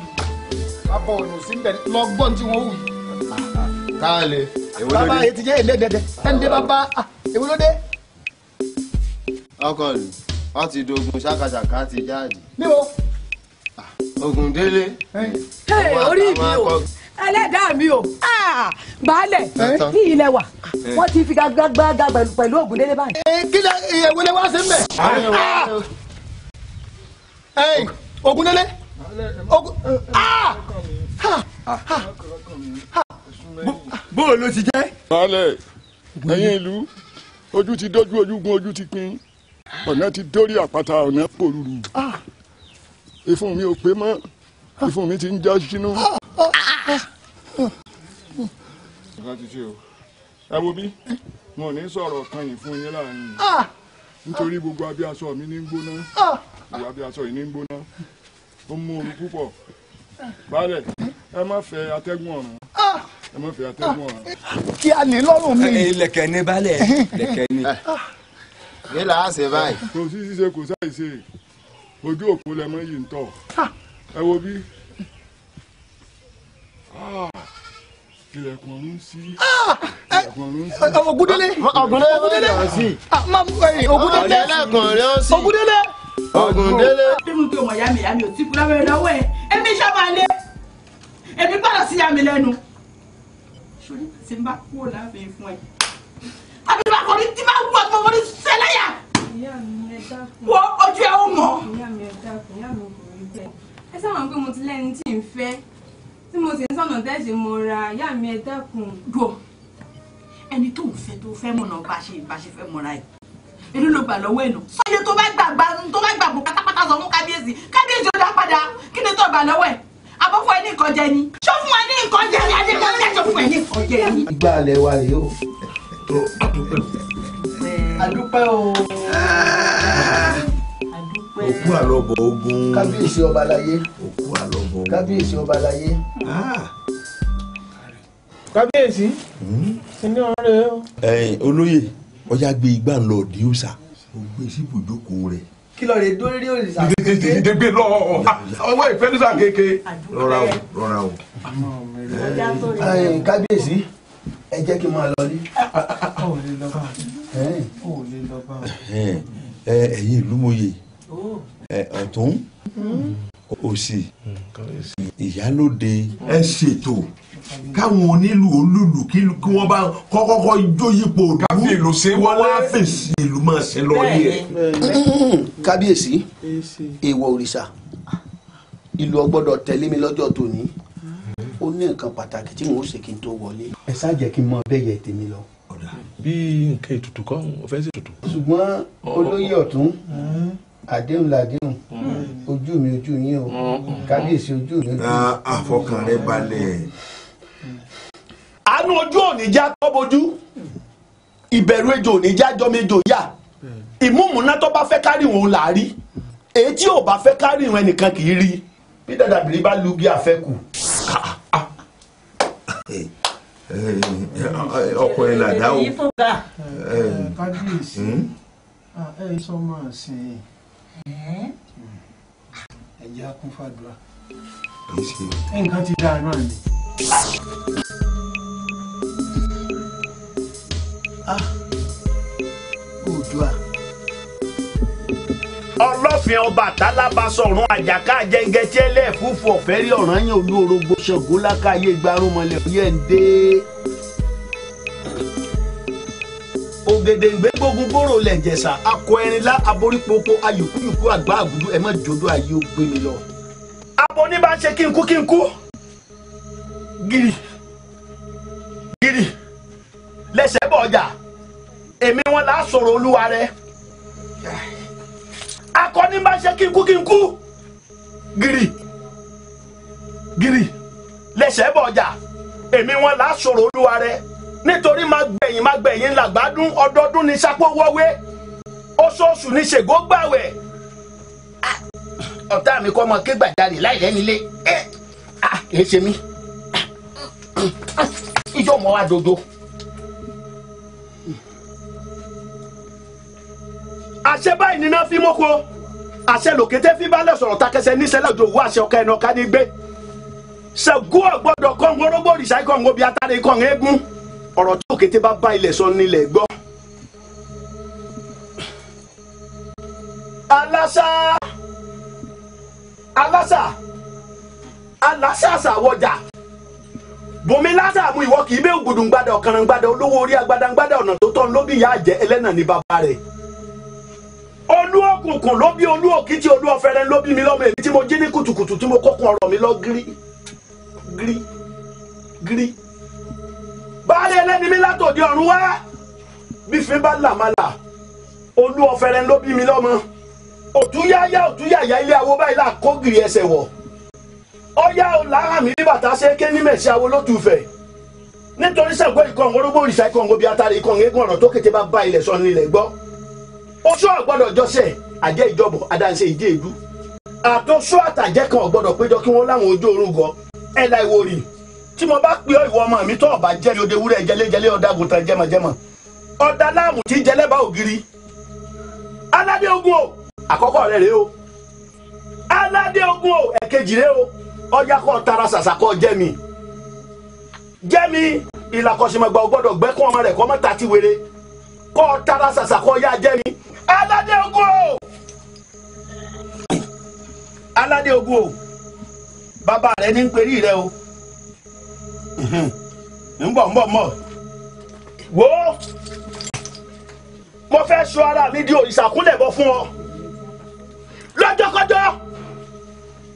abọ́ ọ̀nà sí bẹ̀ lọ́gbọ́n tí wọ́n wù. káàlẹ̀ èwo ló dé bàbá ètìjẹ́ ẹ̀ẹ́dẹ́dẹ́dẹ́ ẹ̀ ń dé bàbá èwo ló dé ọkọlù wọn ti dogun ṣàkàṣàkà ti jáde. níbo. ogun ah, délé. orí mi o ẹlẹ́dàá mi o ah, baálẹ̀ ní ilẹ̀ wa wọ́n ti fi gbàgbàgbà pẹ̀lú ogun délé báyìí. Eh, kí lẹ ìyẹ̀wò lè wá sí mbẹ. ogun délé ogun ah! bóòlù ló ti jẹ́. baálẹ̀ ẹ̀yin ìlú ojú ti dójú ojú gun ojú ti pin ọ̀nà ti dórí àpáta ọ̀nà pòrúru ah. ìfun mi ò pé mọ́ ìfun mi ti ń já sínú. Ah, ah, ẹ wo bí wọn ò ní sọ̀rọ̀ kan yìí fún yín láàrin nítorí gbogbo abíaṣọ mi ní ń gbóná gbogbo abíaṣọ yìí ní ń gbóná ó mú ooru púpọ̀ balẹ̀ ẹ má fẹ́ atẹ́gùn ọ̀run ẹ má fẹ́ atẹ́gùn ọ̀run. kí a ní lọ́rùn mi. ilẹ̀kẹ̀ ní balẹ̀ lẹ̀kẹ̀ ní kí là á ṣe báyìí. kò sí ṣíṣe kò sáì ṣe ojú òpó lẹmọ yìí ń tọ ẹ wo bí ah! ilẹ̀kùn ọ̀run sí ah! ilẹ̀kùn ọ̀run sí. ògúndélé ògúndélé ògúndélé ògúndélé ilẹ̀kùn mi ìyá mi ò tí kú lábẹ́rẹ́ lọ́wọ́ ẹ̀ lé ẹ̀mí bọ̀rọ̀ sí ìyá lẹ́nu. ṣòrí tí n bá kú ò fún ẹ. àbí bàkọ́rí tí bá kú ọ̀tún mọ́ ní sẹ́lẹ̀ fẹ́ tí mo sì ń sọ̀nà tẹ́sí mo ra ìyá mi ẹ dẹ́kun. gbọ́ ẹni tó ń fẹ́ tó fẹ́ mọ̀nà bá ṣe bá ṣe fẹ́ mọ̀ra ẹ̀ èló ló gbà lọ́wọ́ ẹ̀ nù. sọ́yẹ́ tó bá gbàgbà tó bá gbàgbọ́ pátápátá sọ fún kábíyèsí kábíyèsí ó dá padà kí ni tó gbà lọ́wọ́ ẹ̀ abọ́fọ́ ẹ ní nǹkan jẹ ni. sọ fún wa ní nǹkan jẹ ni adébọ́lá sọ fún ẹ ní nǹkan jẹ ni. ìgbà alẹ́ wa rèé o. àdúpẹ́ òkú àlọ́bọ̀ ogun kábíyèsí ọba láyé òkú àlọ́bọ̀ ogun kábíyèsí ọba láyé. kábíyèsí ẹni ọ̀rẹ́ o. ẹyin olóyè ọjà gbé igbá lọ di òòsà ó gbé síbò jókòó rẹ. kí lọ rè dórí rí òòsà kékeré. dídé gbé lọ ọwọ́ ìfẹnusà kékeré. rọra o rọra o. kábíyèsí ẹ jẹ́ kí n máa lọ rí. ó lè lọ bá a. ó lè lọ bá a ọ̀tún hmm. òsì hmm, ìyálòde ẹ ṣètò káwọn onílù olúlù kí wọ́n bá kọ́kọ́kọ́ jó yípo ìlú wọn wá fèsì ìlú máa ṣe lọ yẹ. kábíyèsí èèwọ̀ òrìṣà ìlú ọgbọ́dọ̀ tẹ̀lé mi lọ́jọ́ tòní hmm. ó ní nǹkan pàtàkì tí mò ń ṣe kí n tó wọlé. ẹ ṣáà jẹ́ kí n mọ bẹ́ẹ̀ yẹ tèmi lọ bí nǹkan ètùtù kọ́ ọ fẹ́ ṣètùtù. ṣùgbọ́n olóyè ọ̀tún àdéhùn làdéhùn hmm. ojú mi ojú yín o hmm. kábíyèsí ojú mi ojú yín. àfọkàn rẹ balẹ̀. àánú ojú òní já tọ́ bojú ìbẹ̀rù ejò òní já jọmejò yá ìmúmúná tó bá fẹ́ kárí òun là á rí èyí tí ò bá fẹ́ kárí òun ẹnìkan kì í rí bí dàdàbìrì bá lugi àfẹ́kù. ọkọ ẹ làdá o. kábíyèsí hmm? ẹ sọ máa sìn ẹ jẹ́ akún fàdúrà. nǹkan ti dáa náà ni. Ah, ọlọ́fin ọba àtàlábàṣọ̀run àjàká jẹ́ngẹ́ tí ẹlẹ́ẹ̀fúfú ọ̀fẹ́ ọ̀ràn yẹn olú orogbo ṣàngó lákàyè gbarumọlẹ̀ yẹn ń dé. ògèdèǹgbé gbógun gbogbo lẹ̀jẹ̀sà akọ ẹrinlá aborípoko ayòkúyòkú àgùdù ẹ̀ mọ́ jòdó ayé ó gbé mi lọ. abo ní bá ń ṣe kí n kú kí n kú gírì gírì lẹ́sẹ̀ bọ̀ ọjà èmi wọn là sọ̀rọ̀ olúwa bá ń ṣe kí n nítorí máa gbẹ̀yìn máa gbẹ̀yìn làgbádùn ọdọọdún ní sápó wọ́wé oṣooṣù ní ṣègò gbàwẹ̀ ọ̀tá mi kọ́ ọmọ kégbàjarè láì lẹ́ni ilé ẹ̀ kì í ṣe mí ìjọ mọ́ wa dodo. àṣẹ báyìí níná fi mọ́kọ àṣẹ lòkété fi balẹ̀ sọ̀rọ̀ takẹsẹ̀ níṣẹ́lẹ̀ òjò òwú àṣẹ ọ̀ka ẹ̀nà ọ̀ka ní gbé ṣègùn ọ̀gbọ́dọ̀ kọ́ ń gbọ́dọ̀ gbòòrìṣà ikọ̀ ń gbòbí atare ikọ̀ ń eégún ọ̀rọ̀ tí òkété bá bá ilẹ̀ sọ nílẹ̀ gbọ́. alásà alásà alásàsà wọjà bùnmi lásà mú ìwọ kì í bẹ́ẹ̀ gbùdùngbàdà ọ̀kànràngbàdà olówó orí agbadagbàdà ọ̀nà tó tán ló bí ìyá àjẹ́ ẹlẹ́nà ní bàbá rẹ̀ olú òkùnkùn ló bí olú òkìtì olú ọ̀fẹ́rẹ́ ló bí mi lọ́mọ èmi tí mo jí ní kùtùkùtù tí mo kọ́kùn ọ̀rọ̀ mi lọ gírí gírí gírí baálé ẹlẹ́ni mi látòdì ọ̀run wá bífin bá là má là olú ọ̀fẹ́rẹ́ ló bí mi lọ́mọ òtúyáyá òtúyáyá ilé awo báyìí là kó gìrì ẹsẹ̀ wọ̀ ọ̀yá làárà mi bí bàtà ṣe ké ní mẹ̀sí awo ló tù fẹ̀ nítorí sẹ́gbọ́ ìkọ̀ǹgó rúgbó òrìṣà ìkọ̀ǹgó bíi atari ìkọ̀ǹgó egun ọ̀rọ̀ tó kété bá ba ilẹ̀ sọ ní ilẹ̀ gbọ́ oṣù àgbọ̀dọ̀ jọ́sẹ̀ àjẹ́ ìjọbọ̀ adáǹsẹ̀ ìdí èdú àtọ́sọ́ àtàjẹ́ kan ọ̀gbọ́dọ̀ péjọ kí wọ́n láwọn ojú orúkọ ẹ̀ láì wo rìn tí mo bá pe ọ ìwọ ọmọ mi tó ọba jẹ́rìí òde wúrẹ́ jẹlẹ́jẹlẹ́ ọ̀dà àgùntàn jẹmọ̀jẹmọ̀ ọ̀dà láàmù tí jẹlẹ́bà ògiri aládé ogun o àkọ́kọ́ rẹ̀ o aládé ogun o ẹ̀kejì o ọjà kọ́ tara ṣàṣàkọ́ jẹ́mi jẹ́mi ìlàkọ̀ṣẹ̀mọ̀gbà gbọ́dọ̀ gbẹ́kún ọmọ rẹ̀ kọ́ ti wéré kọ́ tara ṣàṣàkọ́ yá aládé ogun ogun o bàbá rẹ ní ń rẹ o. ń bọ̀ ń bọ̀ mọ̀ wo mo fẹ́ sọ ara mi di òrìṣàkúnlẹ̀ bọ̀ fún ọ lọ́jọ́kọ́jọ́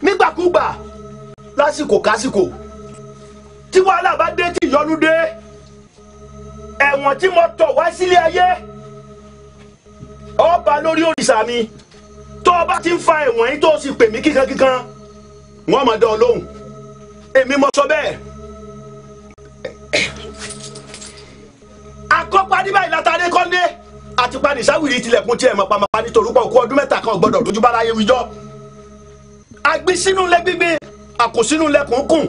nígbàkúgbà lásìkò kásìkò tí wàhálà bá dé tí ìyọnu dé ẹ̀wọ̀n tí mo tọ̀ wá sílé ayé ọba lórí òrìṣà mi tó o bá ti ń fa ẹ̀wọ̀n yín tó o sì pè mí kíkankíkan wọ́n máa dán ọ lóhùn èmi mo sọ bẹ́ẹ̀. àkọ́pá ní báyìí látàrí kọ́ndé àti pani sáwìrì tilẹ̀kùn tiẹ̀ mọ̀ pàmò nítorí pọ̀ kú ọdún mẹ́ta kan gbọ́dọ̀ lójú bá láyé wíjọ́ agbí sínú lẹ gbígbé àkó sínú lẹkùn kùn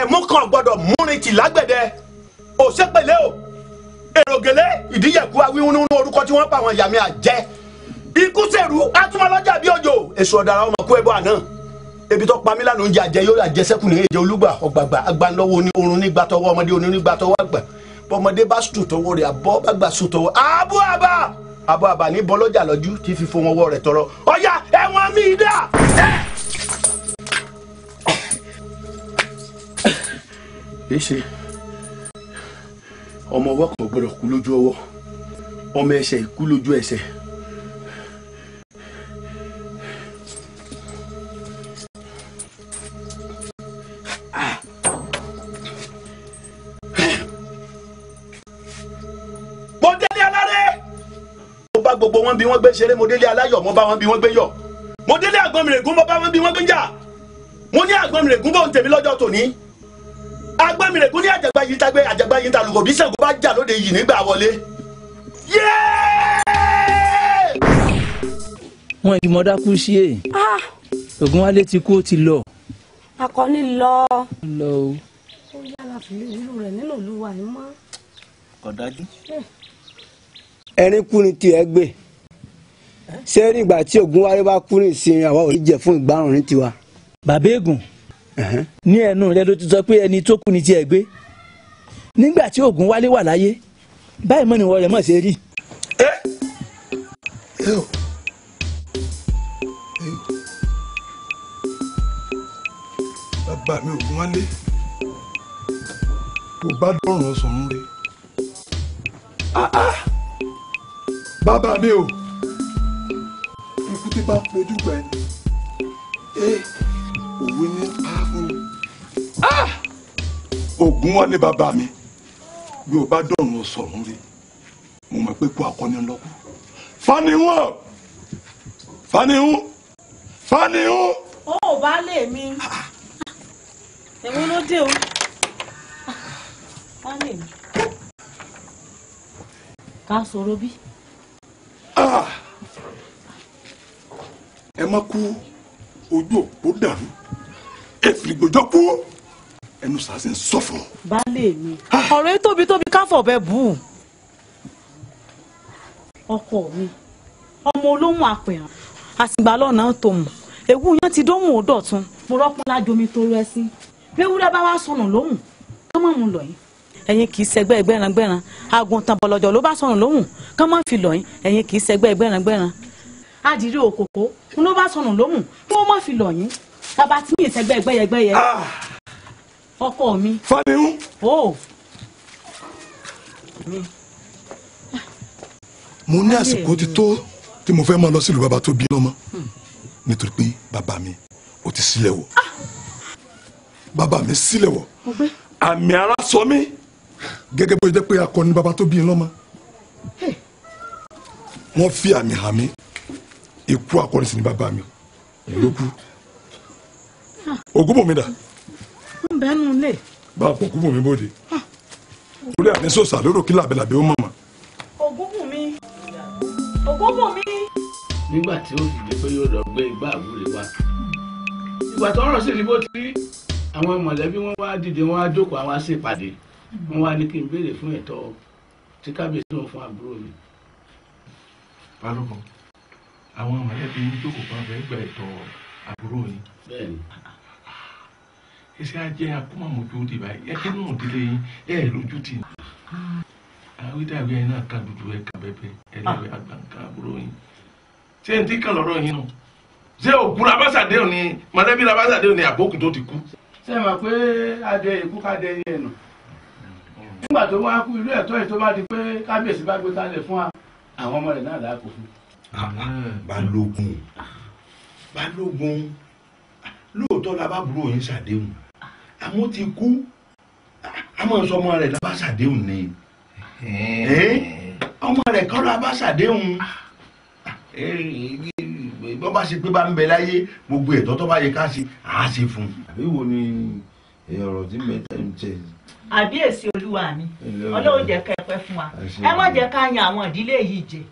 ẹ̀mú kan gbọ́dọ̀ múrin tì lágbẹ̀dẹ òṣèpèlé o èrògèlé ìdíyẹ̀kú awíwúnú orúkọ tí wọ́n pa àwọn ìyàmí àjẹ́ ikú sèrú atúmọ̀lọ́jà bí òjò èso ọ̀daràn ọmọ kú ẹbọ àná ebi tó pa mí lánàá oúnjẹ àjẹ yóò àjẹsẹ́kù ní èjẹ olúgbà ọgbàgbà agbanlọ́wọ́ oní orun nígbà tọwọ́ ọmọdé oní nígbà tọwọ́ àgbà bọ́mọdé bá sùn tọwọ́ rẹ̀ àbọ̀ bá gbà sùn tọwọ́ àbú àbá àbú ní bọ́lọ́jà lọ́jú tí fífo wọn wọ́ rẹ̀ tọrọ ọ̀yà ẹ̀wọ̀n mi dà. èsè ọmọ ọwọ́ kan gbọ́dọ̀ kú lójú ọwọ́ ọmọ ẹsẹ̀ ikú lójú ẹsẹ̀. wọn bí wọ́n gbé ṣeré mo délé aláyọ̀ mo bá wọn bí wọ́n gbé yọ̀ mo délé àgbọ̀mìrègún mo bá wọn bí wọ́n gbé jà mo ní àgbọ̀mìrègún bò ń tèmi lọ́jọ́ tòní àgbọ̀mìrègún ní àjàgbá yìí tagbé àjàgbá yìí ta lùkọ̀ bí Ṣàngó bá jà lóde yìí nígbà wọlé. wọn ìgbìmọ̀ dákú sí e Ògúnwálé ti kú ó ti lọ. akọni lọ. lọ o. ó yára fi ìlú rẹ̀ nínú olúwa ẹ̀ mọ́. ọ̀dájú. Eh. ẹ̀rín kú ni tiẹ̀ gbé ṣé ní ìgbà tí ogun wáyé bá kú ní ìsìn àwa ò ní jẹ fún ìgbárùn ní tiwa. bàbá ègùn ní ẹnu rẹ ló ti sọ pé ẹni tó kú ni tiẹ̀ gbé nígbà tí ogun wálé wà láyé báyìí mọ́ ni wọ́n rẹ̀ mọ̀ ṣe rí. bàbá mi ogun wálé kò bá dọ̀rùn ọ̀sán mú re ah, ah. bàbá mi o. Ah, ah bí bá ń fojú gbà ẹni ẹ eh, òwe ah! ní pàápù ogun wálé bàbá mi bí o bá dọ̀rùn sọ̀rùn rí mo mọ̀ pé kó akọni lọ́kù fanihun fanihun fanihun. ó ò bá lè mi èmi ló dé o bá lè mi ká sọ̀rọ̀ bí. Ah! ẹ má kú ojú òpó dàrú èfìlìgbòjọ́ kú ẹnu sàásì ń sọ fún. baálé mi ọ̀rọ̀ yìí tóbi tóbi káfọ̀ bẹ́ẹ̀ bù ú ọkọ mi ọmọ olóhùn àpẹ̀rẹ̀ àtìgbà lọ́nà tó mọ̀ ewu yẹn ti dóhùn ó dọ̀tun mo rọ́pọ̀ lájọ omi tó rẹ́ sí léwúrẹ́ bá wá sọnù lóhùn kán mọ̀ mu lọ yín ẹ̀yin kì í ṣẹgbẹ́ gbẹrangbẹran àgùntàn bọ̀lọ̀jọ̀ ló bá sọnù lóhùn kán mọ̀ fi lọ yín ẹ̀yin kì í ṣẹgbẹ́ gbẹrangbẹran àdìrí òkòkò n ló bá sọnù lómù kí wọ́n má fi lọ̀ yín bàbá tí mi ìsẹ́gbẹ́ ẹgbẹ́yẹgbẹ́yẹ ah! ọkọ mi. fami o. mo ní àsìkò ti tó tí mo fẹ́ máa lọ sílùú bàbá tó bí lọ́mọ hmm. nítorí pé bàbá mi ò ti sílẹ̀ wọ̀ ah! bàbá mi sílẹ̀ wọ̀ àmì ara sọ mí gẹ́gẹ́ bó ṣe jẹ́ pé akọni bàbá tó bí lọ́mọ wọ́n fi àmì hàn mí ikú àkọ́rẹ́sì ní bàbá mi ló kú ògúnbùnmi dà. ń bẹ́ẹ̀ nù lè. bá a pọ̀ ògúnbùnmi bóde orí àdínsòsà lóró kí làbẹ́làbẹ́ ó mọ̀mọ́. ògúnbùnmi ògúnbùnmi. nígbà tí ó fi dé yóò lọ gbé igbá àbúrò wa ìgbà tó rọ̀ sí ni bó ti rí àwọn mọ̀lẹ́bí wọn wá dìde wọn á jókòó àwọn á sì pàdé wọn wá ní kí n béèrè fún ẹ̀tọ́ tí kábíyèsí wọn fún àbúrò mi. balógun àwọn mọ̀lẹ́bí ń jókòó kan fẹ́ gba ẹ̀tọ́ àbúrò yín. bẹ́ẹ̀ni. iṣẹ́ ajé akúmọ̀mọ́jú ti báyìí ẹ kí nù délé yín ẹ lójú tì ní. àwọn ìdàgbé yẹn náà kan dúdú ẹ kan bẹ́ẹ̀ ẹ lẹ́wẹ̀ àgbà nǹkan àbúrò yín. ṣé n ti kàn lọ́rọ̀ yín nù. ṣé òkú labásàdé ò ní mọ̀lẹ́bí labásàdé ò ní àbókù tó ti kú. ṣé ẹ mọ̀ pé adé ikú kádé yẹn nù. nígbà tó wá kú irú ẹ̀tọ́ yìí Ah, ah, mm. balógun balógun lóòótọ́ la bá burú òyìn ṣàdéhùn àmọ́ ti kú àmọ́ sọmọ rẹ̀ la bá ṣàdéhùn ni eh? ọmọ rẹ̀ kọ́ la bá ṣàdéhùn ah. eh, bọ́ bá ṣe pé bá ń bẹ láyé gbogbo ẹ̀tọ́ tó bá yẹ ká ṣe àá ṣe fún un. àbí wo ni ọ̀rọ̀ tí mẹ́ta ń tẹ̀ àbíyèsí olúwa mi ọlọ́run jẹ́ kẹ́pẹ́ fún wa ẹ má jẹ́ ká yan àwọn ìdílé yìí jẹ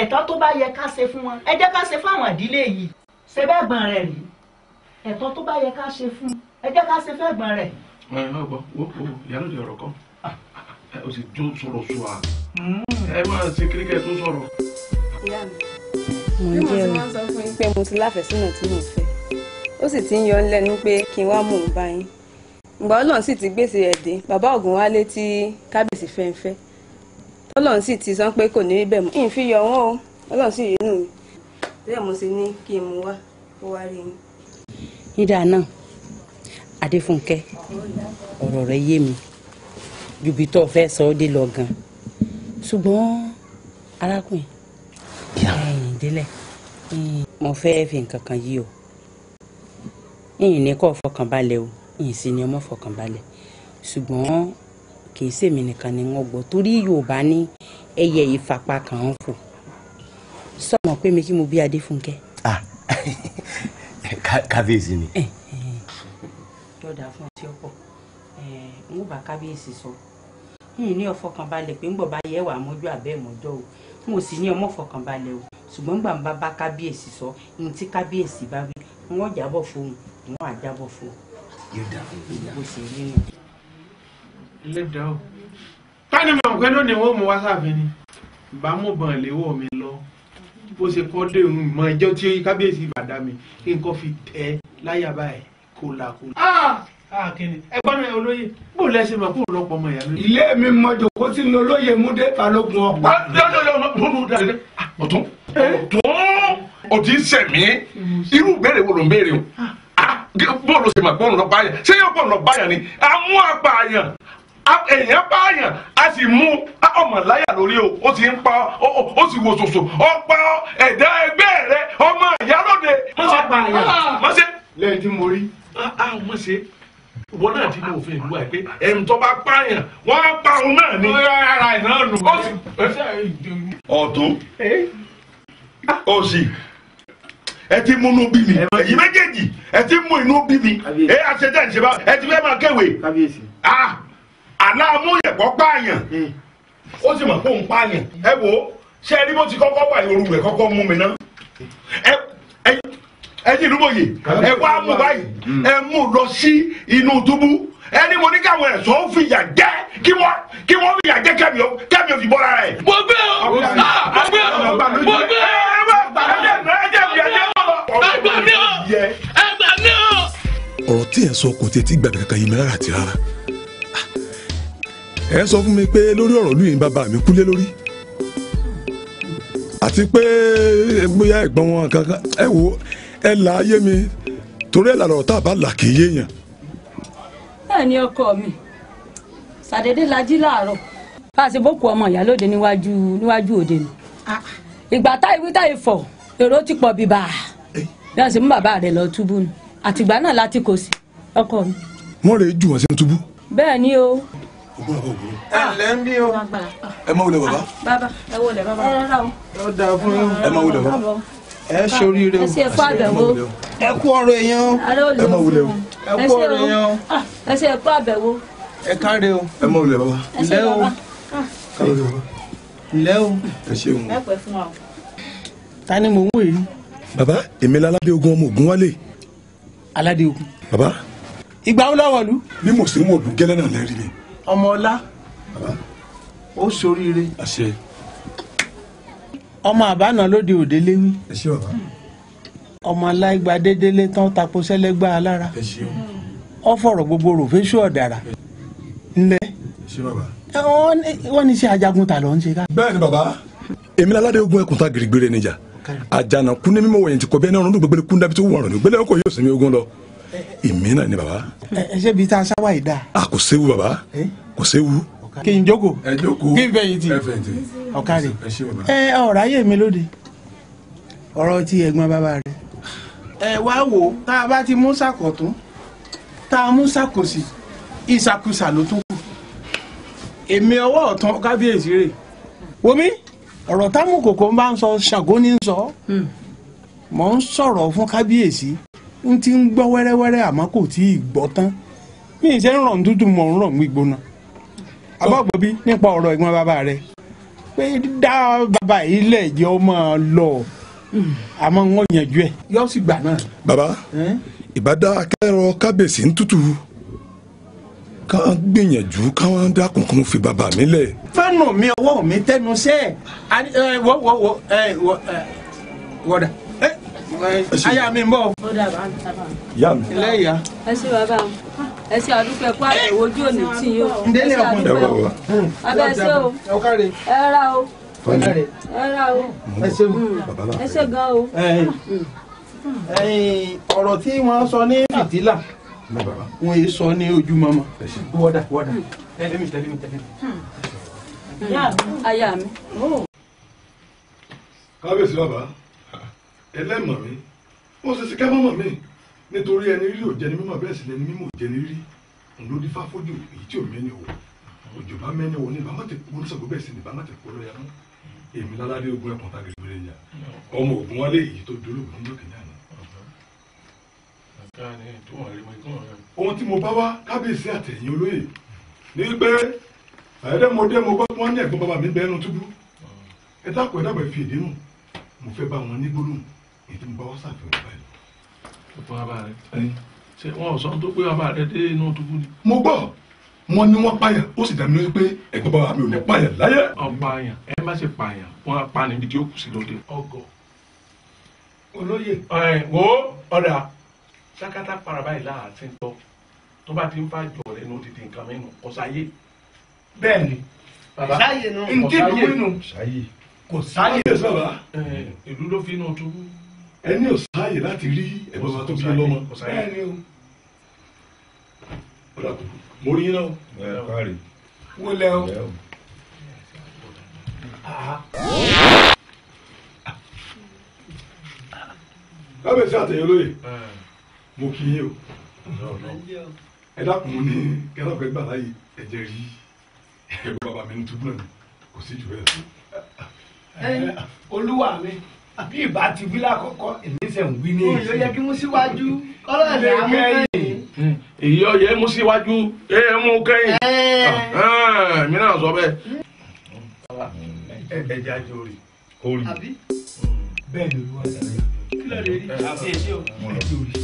ẹ̀tọ́ tó bá yẹ ká ṣe fún wọn ẹ jẹ́ ká ṣe fáwọn ìdílé yìí ṣe bẹ́ẹ̀ gbọ́n rẹ̀ rí ẹ̀tọ́ tó bá yẹ ká ṣe fún ẹ jẹ́ ká ṣe fẹ́ẹ̀ gbọ́n rẹ̀. ẹ náà gbọ́ wo wo ìyálò di ọ̀rọ̀ kan o sì hmm. tún sọ̀rọ̀ sùn à ẹ máa ṣe kíríkẹ́ tó sọ̀rọ̀. mo ń sọ fún pé mo ti láfẹ̀sínà tí mo fẹ́ ó sì ti ń yọ lẹ́nu pé kí n wá mò ń bá yín ìgbà ọlọ́run sì ti gbèsè ẹ̀dín bàbá ògùn wálé tí kábíyèsí fẹ́ ń tọ́lọ́run sì ti sọ pé kò ní rí bẹ́ẹ̀ mọ́ ìn fi yọ wọ́n o ọlọ́run sì yínú mi bẹ́ẹ̀ mo ṣe ní kí n mú wá kó wá rí yín. nídà náà adéfúnkẹ́ ọ̀rọ̀ rẹ yé mi jùbí tó fẹ́ sọ ọ́ dé lọ gan ṣùgbọ́n arákùnrin ẹ̀yìn délẹ̀ mo fẹ́ fi nǹkan kan yí o ìyìn ní kò fọkànbalẹ̀ o ìyìn sì ni ọmọ fọkànbalẹ̀ ṣùgbọ́n kì í ṣèmi nìkan ni wọ́n gbọ́ torí Yorùbá ní ẹyẹ ìfapá kan ń fò sọmọ pé mi kí mo bí Adéfúnkẹ́. Ah, kábíyèsí ni. Eh, eh. yọ̀dà fún ọtí ọkọ̀ eh, n ó bá kábíyèsí sọ n ní ọfọkànbalẹ̀ pé ń bọ̀ bá yẹ wà mọ́jú àbẹ́ mọ́jọ́ o n ò sì ní ọmọ ọfọkànbalẹ̀ o ṣùgbọ́n gbà ń bá bá kábíyèsí sọ ní tí kábíyèsí bá wí wọ́n jábọ̀ fóun wọ́n àjábọ̀ fóun. yóò dà fún ẹlẹ́dàá o tani mọ̀ pé lónìí wọ́n mú wásaàfì ni bá mú bàn léwọ́ mi lọ bó ṣe kọ́ dé òun mọ ẹjọ́ tí kábíyèsí bàdá mi kí n kọ́ fi tẹ́ láyà báyìí kólakóla. Ah! Ah, ẹgbọ́n mi olóye bó lẹ ṣe mọ̀ kó lọ́pọ̀ ọmọ ìyá mi. ilé mi mọ jòkó tí ní olóye múdé balógun ọ̀pá. ọ̀tún òtún sẹ̀mí irú ìbéèrè wo ló ń béèrè o ah, bọ́ọ̀lù ṣe mọ̀ pé òun lọ báyà ṣé yóò bọ́ọ̀lù lọ báyà ni àmú àpààyàn èèyàn bá yàn a sì mú ọmọ láyà lórí o ó sì ń pa ó sì wò sòsò ọ̀pá ẹ̀dá ẹgbẹ́ rẹ ọmọ ìyálòde. má ṣe pa àyàn ah, má ṣe. lẹ́yìn tí mo rí. Ah, ah, má ṣe ìwọ náà ti ní òfin ìlú àìpé ẹ̀rù tó bá pààyàn wọ́n á pa òun náà ni. ara ẹ̀ náà nù. ọ̀tún òsì ẹ ti mú inú bí mi èyí méjèèjì ẹ ti mú inú bí mi ẹ àṣetẹ̀ ìṣèbá ẹ ti fẹ́ máa kẹ̀wé aláàmúyẹ̀kọ́ pààyàn ó sì mọ̀ kó ń pààyàn ẹ wo ṣé ẹ ní bó ti kọ́kọ́ wà ìrù rẹ̀ kọ́kọ́ mú mi ná ẹ̀yin ìlúmọ̀yè ẹ wá mú báyìí ẹ mú lọ sí inú túbú ẹni mo ní káwọn ẹ̀sọ́ fìyà jẹ kí wọ́n kí wọ́n fìyà jẹ kẹ́mi ó kẹ́mi ó fi bọ́ra rẹ̀. mo gbé o mo gbé o mo gbé o ẹgbẹ́ mi o ẹgbẹ́ mi o. ọ̀rọ̀ tí ẹ̀ ń sọ kò tètè gbàgbé kankan yìí mi rárá àti rárá ẹ sọ fún mi pé lórí ọ̀rọ̀ lóyìn bàbá mi kúlé lórí àti pé eh, bóyá ẹ̀gbọ́n wọn kankan ẹ wo ẹ là á yé mi torí ẹ làlọ́ tá a bá là kì í yéèyàn. bẹ́ẹ̀ ni ọkọ mi ṣàdédé la jí láàárọ̀ bá a ṣe bókù ọmọ ìyálóde níwájú níwájú òde nù ìgbà táyì wí táyì fọ̀ èrò ti pọ̀ bíbá bí wọ́n ṣe mú bàbá rẹ̀ lọ túbú nù àtìgbà náà láti kò sí ọkọ mi. wọ́n rè é jù wọ́n sí túbú. bẹ́ẹ̀ ni o ògùn àbọ̀ ògùn. ẹ ǹlẹ́ ń bí o. ẹ má wulẹ̀ bàbá. Ah, bàbá ẹ wulẹ̀ bàbá rárá o. ó dáa fún yín. ẹ má wulẹ̀ bàbá. ẹ ṣoríire o. ẹ ṣe fún àbẹ̀wò. ẹ kú ọ̀rọ̀ èèyàn o. ẹ má wulẹ̀ o. ẹ kú ọ̀rọ̀ èèyàn o. ẹ ṣe fún àbẹ̀wò. ẹ káre o. ẹ má wulẹ̀ baba, ǹlẹ́ o. ǹlẹ́ o. ẹ ṣeun. ẹ pẹ́ fún wa o. ta ni mo ń wò yìí. bàbá èmi lálàbí ogun ọmọ ogun wálé. aládé ogun. bàbá. ìgbà wo lọ wọ̀lú. bí mo sì ọmọ ọlá ó ṣoríire ọmọ àbánà lóde òde léwí ọmọ aláìgbà dédélé tán tapo sẹlẹgbà alára ọ fọ̀rọ̀ gbogbo rò fésù ọ̀dàrà ńlẹ̀ wọ́n ní ṣe ajagun ta ló ń ṣe ká. bẹ́ẹ̀ ni bàbá èmi lálẹ́ ogun ẹkùn ta gírígírí níjà àjànà kúndé mímọ́ wọ̀nyẹn ti kọ́ bẹ́ẹ̀ náà ọ̀run gbẹgbẹ́lẹ́ kúndé bí tó wọ̀rọ̀ ní gbẹlẹ́ ọkọ̀ yóò sinmi ogun lọ èmi náà ni baba. ẹ ṣe bi ta ṣáwá yìí dà. a kò séwu baba kò séwu. kí n jókòó ẹ jókòó kí n fẹ̀yìntì ọ̀kadì ẹ ọ̀rọ̀ ayé mi lóde ọ̀rọ̀ ti ẹ̀gbọ́n bàbá rẹ̀. ẹ wá wo tá a bá ti mú sàkọ̀tún tá a mú sàkòsì ìsàkùsà ló tún kù èmi ọwọ́ ọ̀tún kábíyèsí rè wọmi ọ̀rọ̀ táwọn kòkó bá ń sọ ṣàgó ní sọ mọ̀ hmm. ń sọ̀rọ̀ fún kábíyèsí ń ti ń gbọ́ wẹ́rẹ́wẹ́rẹ́ àmọ́ kò tí ì gbọ́ tán mi ì ṣe ń rọ̀ tútù mọ̀ ń rọ̀ gbígbóná abáàgbọ̀ oh. bí nípa ọ̀rọ̀ ẹ̀gbọ́n bàbá rẹ pé dá bàbá yìí lẹ̀ jẹ́ ọ máa lọ àmọ́ wọ́n yànjú ẹ̀ yóò sì gbà náà. bàbá ìbádá akẹ́rọ kábíyèsí ń tutù ká gbìyànjú káwọn dákun kún fi bàbá mi lẹ̀. fẹ́nu mi ọwọ́ mi tẹnu sẹ́ẹ̀ wọ́wọ́wọ́ wọ́dà aya mi ń bọ̀. ìyá mi. ilé ìyá. ẹ ṣe bàbá mi ẹ ṣe àdúgbò ẹkú àtẹwò ojú òní tì yín o. ndélé ọkùnrin ẹ wọ wa. abẹ ṣe o ẹ ra hmm. o ẹ ra o ẹ ṣe hmm. ẹ ṣe gan o. Hmm. ọ̀rọ̀ tí wọ́n sọ ní fìtílà wọ́n yìí sọ ní ojú mọ́mọ́. wọ́dà wọ́dà ẹ lẹ́mi tẹ́lẹ̀ mi tẹ́lẹ̀ mi. aya mi. kábíyèsí bàbá ẹlẹ́mọ̀ mi ó ṣe ṣe ká mọ́mọ́ mi nítorí ẹni rí ò jẹni mímọ̀ bẹ́ẹ̀ sì lẹni mímọ̀ ò jẹni rí òun ló dífá fójú èyí tí ò mẹ́ni wò òjò bá mẹ́ni wò ní ìbá má ti kú ní sọ̀gbọ́ bẹ́ẹ̀ sì ní ìbá má ti kú lọ́yà mọ́ èmi láládé ogun ẹ̀kọ́ ta gèrègbèrè yà ọmọ ògùn wálé èyí tó dúró ògùn lókè ní àná. ohun tí mo bá wá kábíyèsí àtẹ̀yìn olóyè ní pé àyẹ̀dẹ́mọdé mo bá wọn ní ẹ̀gbọ́n bàbá mi bẹ́ẹ̀ nu túbú ẹ dákun ẹ dábàá fi ìdí nù mo fẹ́ bá wọn ní gbólóhùn ètò ń bá wọ́n sàfihàn báyìí. ọ̀pọ̀ bàbá rẹ̀ ṣé wọ́n sọ tó pé bàbá rẹ̀ dé inú túbú ni. mo gbọ́ wọn ní wọn pààyàn ó sì dá mi lójú pé ẹ̀gbọ́n bàbá mi ò ní pààyàn láyé. ọ̀pààyàn ẹ má ṣe pààyàn wọn á pa níbi tí ó kù sí lóde. ọgọ olóye. ẹ wo ọ̀dà sakata paraba yìí láà ti ń tọ́ tó bá ti ń bá jọ rẹ̀ ní odidi nǹkan mẹ́nu kọ́sáyé. bẹ́ẹ̀ni bàbá ntí bíi nù kò sáyé. kò sáyé sọ̀rọ̀. ìlú ló fi inú túbú ẹni ò sáàyè láti rí ẹ̀gbọ́n wa tó bí lọ́mọ bẹ́ẹ̀ ni o mo rí yín náà wó lẹ o kábíyèsí àtẹ̀yẹ lóye mo kì í o ẹ dákun ní kẹlọ́pẹ́ gbà láyè ẹ̀jẹ̀ rí ẹ̀gbọ́n bàbá mi ní túbú náà kò sí jù bẹ́ẹ̀. olúwa mi bí ìbá ti wí lákọ̀ọ́kọ́ èmi fẹ́ wí ní èyí. yóò yẹ kí mú síwájú kọ́lọ́ọ̀ ní àmú kẹ́yìn. èyí ọ̀yẹ́ mú síwájú ẹ ẹ mú kẹ́yìn. mi náà sọ bẹ́ẹ̀. ẹ jẹ́ àjọ rè. orí bẹ́ẹ̀ ni olúwa sàlẹ̀. kí ló lè rí àfi èsì o. ẹ ti rí.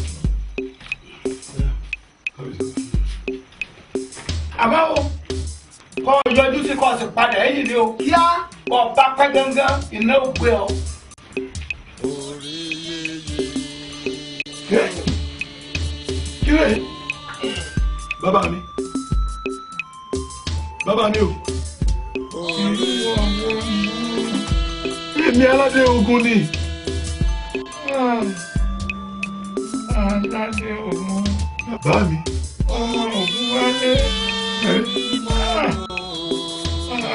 àbáwo kọ́ ọjọ́ dúsí kọ́ ọ̀sìn padà ẹ̀yìn ni o. kíá. kọ́ pẹ́ gángan iná gbé ọ. kílẹ̀ bàbá mi bàbá mi o èmi aládé ogun ni aládé ogun bàbá mi ọmọ ogun wálé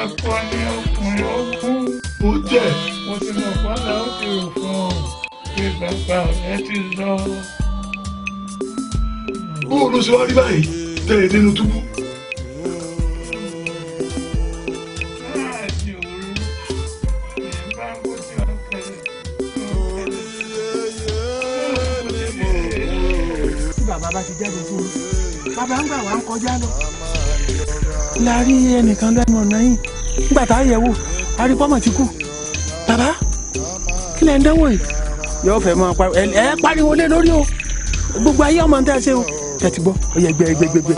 akọni ọkùnrin ogun ó jẹ mo ti mọ̀ pálá ó ti rò fún bàbá rẹ ti lọ. bó o ló ṣe wá rí báyìí tẹ̀lé nínú túbú. bàbá ti jáde fún un bàbá ń gbà wá ń kọjá lọ. la rí ẹnìkan lẹ́nu ọ̀nà yìí nígbà tá a yẹ̀ wò a rí pọ́mọ̀ ti kú bàbá kí lẹ̀ ń dánwò yìí yóò fẹ́ mọ pariwo ẹ pariwo lé lórí o gbogbo ayé ọmọ n tẹ́ ṣe o tẹ́tí gbọ́ ó yẹ gbẹgbẹgbẹ.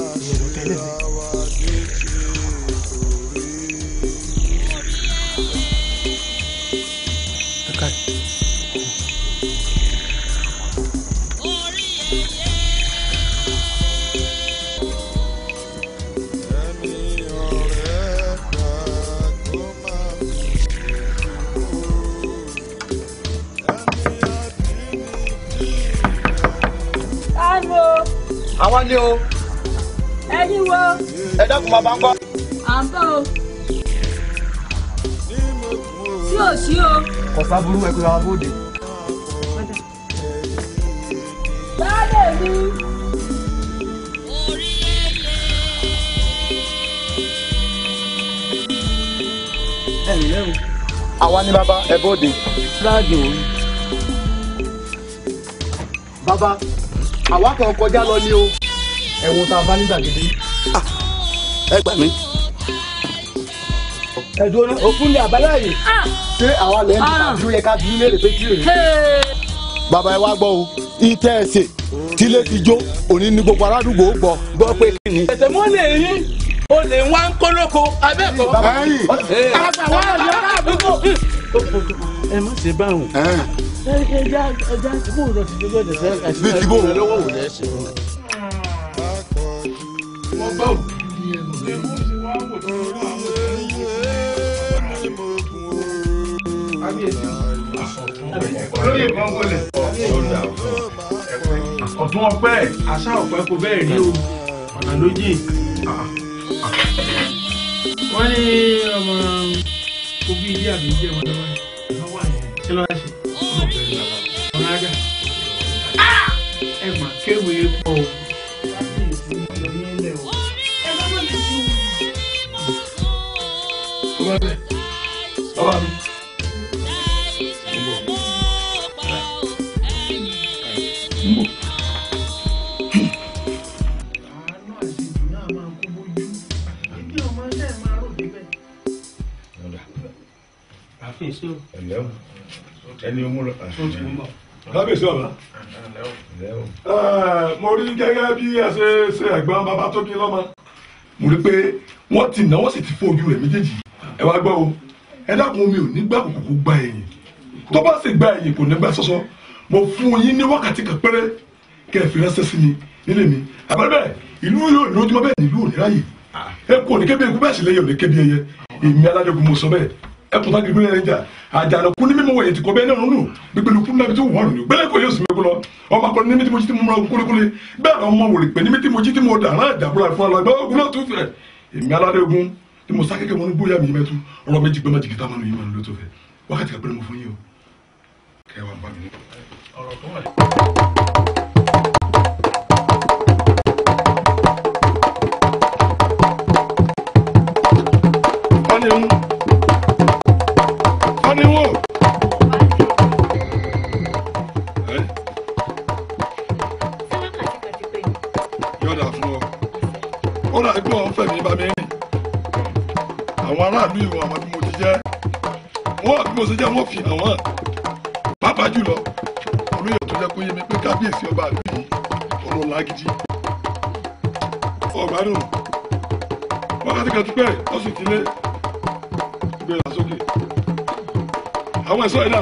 bàbá ń kọ́. à ń bọ̀ o. sí ò sí o. kọ̀sá burú ẹ̀kú ra bóde. báyọ̀ mi. ẹ ǹlẹ́ o. àwa ni bàbá ẹ bóde. fúláàgì òun. bàbá àwa kan kọjá lọ ni o ẹ̀wọ̀n tá a bá ní gbàgede ẹ gbà mí. ẹ̀dùn òkun ni àbáláyé ah. ṣé àwa lè ń ah. dùn yẹ ká bí ilé rẹ̀ pé kí rè é. bàbá ẹ wá gbọ́ o ìtẹ́ ẹ sè tílé ti jó òní ni gbogbo aládùúgbò gbọ́ gbọ́ pé kí ni. ẹ̀sẹ̀ mọ́ lè rí o lè wá ń kólóko abẹ́kọ̀. àgbà wà ní ọ̀rá àdúgbò. ẹ má ṣe báwọn. ẹ já ọjà ìbò lọ sí ojú ọjà sẹ́yìn. bí ti bò wọ́n lọ́wọ́ wò lẹ́sẹ̀. mo bá òkú. olóyè kan wọlé. ọ̀tún ọpẹ́ àṣà ọpẹ́ kò bẹ́ẹ̀ rí o ọ̀nà ló wọ́n ní ọmọ òbí ilé àbí jẹ́ wọn lọ́wọ́ kí ló wá ṣe. ọ̀nà àgà ẹ̀ kéwèé pọ̀ o. Love it. ẹni o mú lọ. kábíyèsí ọ̀la eh, mo rí gẹ́gẹ́ bí ẹ ṣe ṣe ẹ̀gbọ́n bàbá tó kí lọ́mọ mo rí pé wọ́n ti náwó sì ti fojú rẹ̀ méjèèjì ẹ wá gbọ́ o ẹ dákun omi ò ní gbà kókó gba ẹ̀yìn tó bá sì gba ẹ̀yìn kò ní gbà sọ́sọ́ mo fún yín ní wákàtí kan péré kẹfì ránṣẹ́ sí mi nílé mi àbẹ̀rẹ̀ ìlú yóò ní ojúmọ́ bẹ́ẹ̀ nílùú òní ráyè ẹ kò ní kébi ikú bẹ́ẹ̀ sì lẹ́yìn òní kébi ẹyẹ èmi aládẹ́gun mo sọ bẹ́ẹ̀ ɛpɔtɔ kekun yɛrɛ dza adzana kun nimi mɔgɔ yɛti kɔbɛ ɛnɛrɛ nu gbɛgbɛlu kun nabi ti wɔlu ni gbɛlɛ kɔ yesu mɛkulɔ ɔma kɔ nimi ti mo titi mo mura kolekole bɛɛ lɔ mɔ wuli pɛ mo titi mo da n'a dabula fún alɔ ɛgbɛ tí mo sá kékeré mo ní bóyá mi mɛtu ɔlɔ méjì gbɛma jigi tamanu yi ma nu lóto fɛ wákàtí ka pẹlú mo fún yín o kẹ wa n Thank you. aráàlú ìwọ̀n àwọn bí mo ti jẹ́ wọ́n bí mo ti jẹ́ wọ́n fi hàn wọ́n pàápàá jùlọ olóyè tó jẹ́ kó yé mi pé kábíyèsí ọba àlú yìí ọ̀rọ̀ làgídí ọ̀gbádùn wákàtí kan ti pẹ́ ọ̀sùn ti lé gbé e lọ sókè àwọn ẹ̀ṣọ́ ẹ̀dá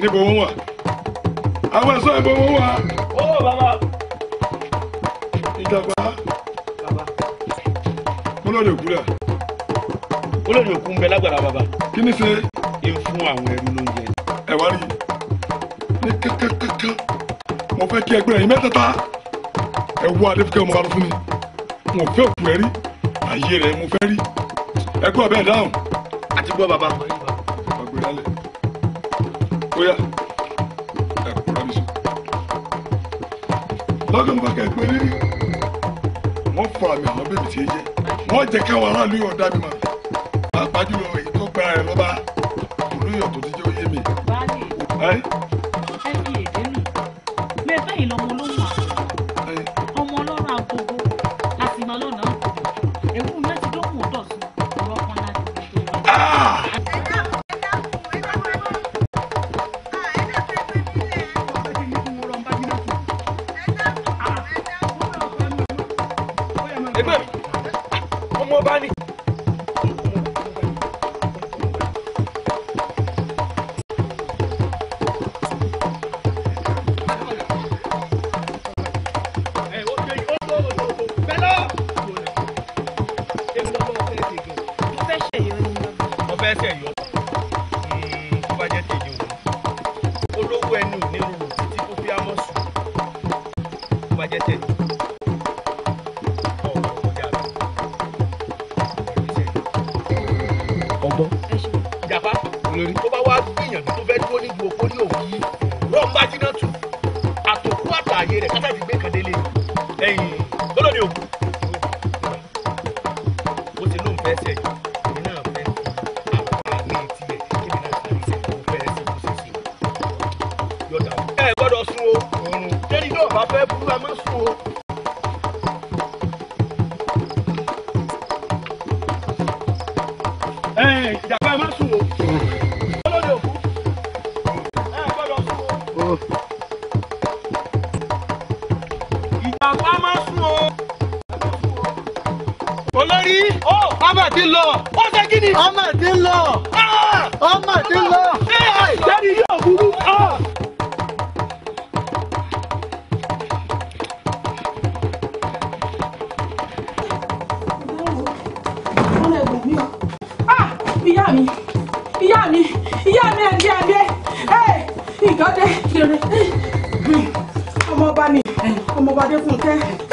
níbo wọ́n wà àwọn ẹ̀ṣọ́ ẹ̀bọ̀ wọ́n wà. olórí òkú ń bẹ lágbára bàbá. kí ni ṣe. e fún àwọn ẹrú lóúnjẹ. ẹ wá rí ní kankankankan mo fẹ́ kí ẹgbẹ́ yìí mẹ́tẹ̀ẹ̀ta ẹ wá adéfikẹ́ ọmọ balùwẹ̀ fún mi mo fẹ́ òkú ẹ rí ayé rẹ mo fẹ́ rí ẹ gbọ́ bẹ́ẹ̀ dáhùn. àti gbọ́ bàbá kan ẹ kúrò mi sùn. lọ́dọ̀ nípa kẹ́ẹ̀pẹ́ wọ́n fọ àmì àwọn bébí tí ì jẹ́ wọ́n jẹ́ káwọn aráàlú yóò dá mi pàápàá jùlọ èyí tó lọ́ba olóyè tó ti jẹ́ oyé mi. lọ ọmọ ti lọ jẹ́rìí yóò burú. Ah, ìyá mi ìyá mi ìyá mi ẹ̀dí ẹ̀dí ẹ̀ ìgbọ́dẹ ọmọ ọba ni ọmọ ọba Adéfúnkẹ́.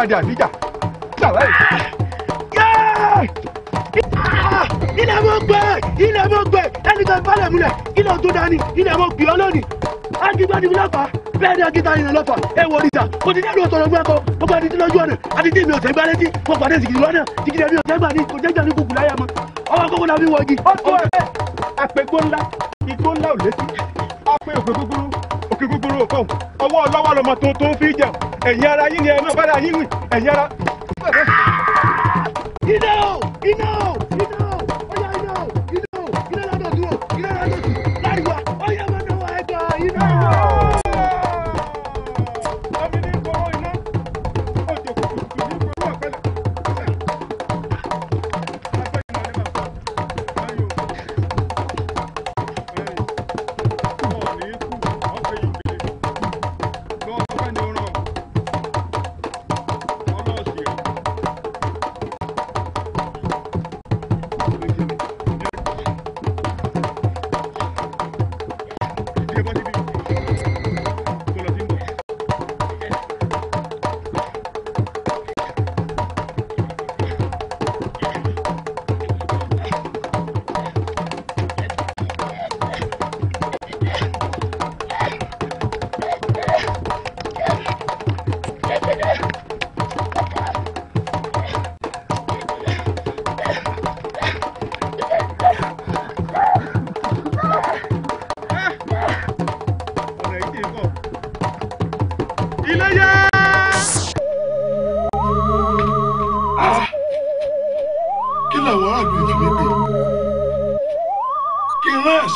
ọ̀kadà níjà sàlẹ̀. ilẹ̀ mọ̀ gbẹ ilẹ̀ mọ̀ gbẹ ẹnìkan balẹ̀ múlẹ̀ ilẹ̀ tó dání ilẹ̀ mọ̀ gbìyàn lónìí agbègbè ni lọ́fà bẹ́ẹ̀ ni akíta ni lọ́fà ẹ wọ níta mo ti dẹ́nu ọ̀sọ̀rọ̀ gbẹ́kọ̀ gbogbo àti tílọ́jú ọ̀nà àti tí mi ò sẹ́gbà létí mo pàdé sìgìdì lọ́nà sìgìdì mi ò sẹ́gbà ní kò jẹ́jà ní kùkù láyà mọ́ ọwọ́ kókó la fi wọ̀ yìí. ọ̀tọ̀ ẹ̀ àpègbó ńlá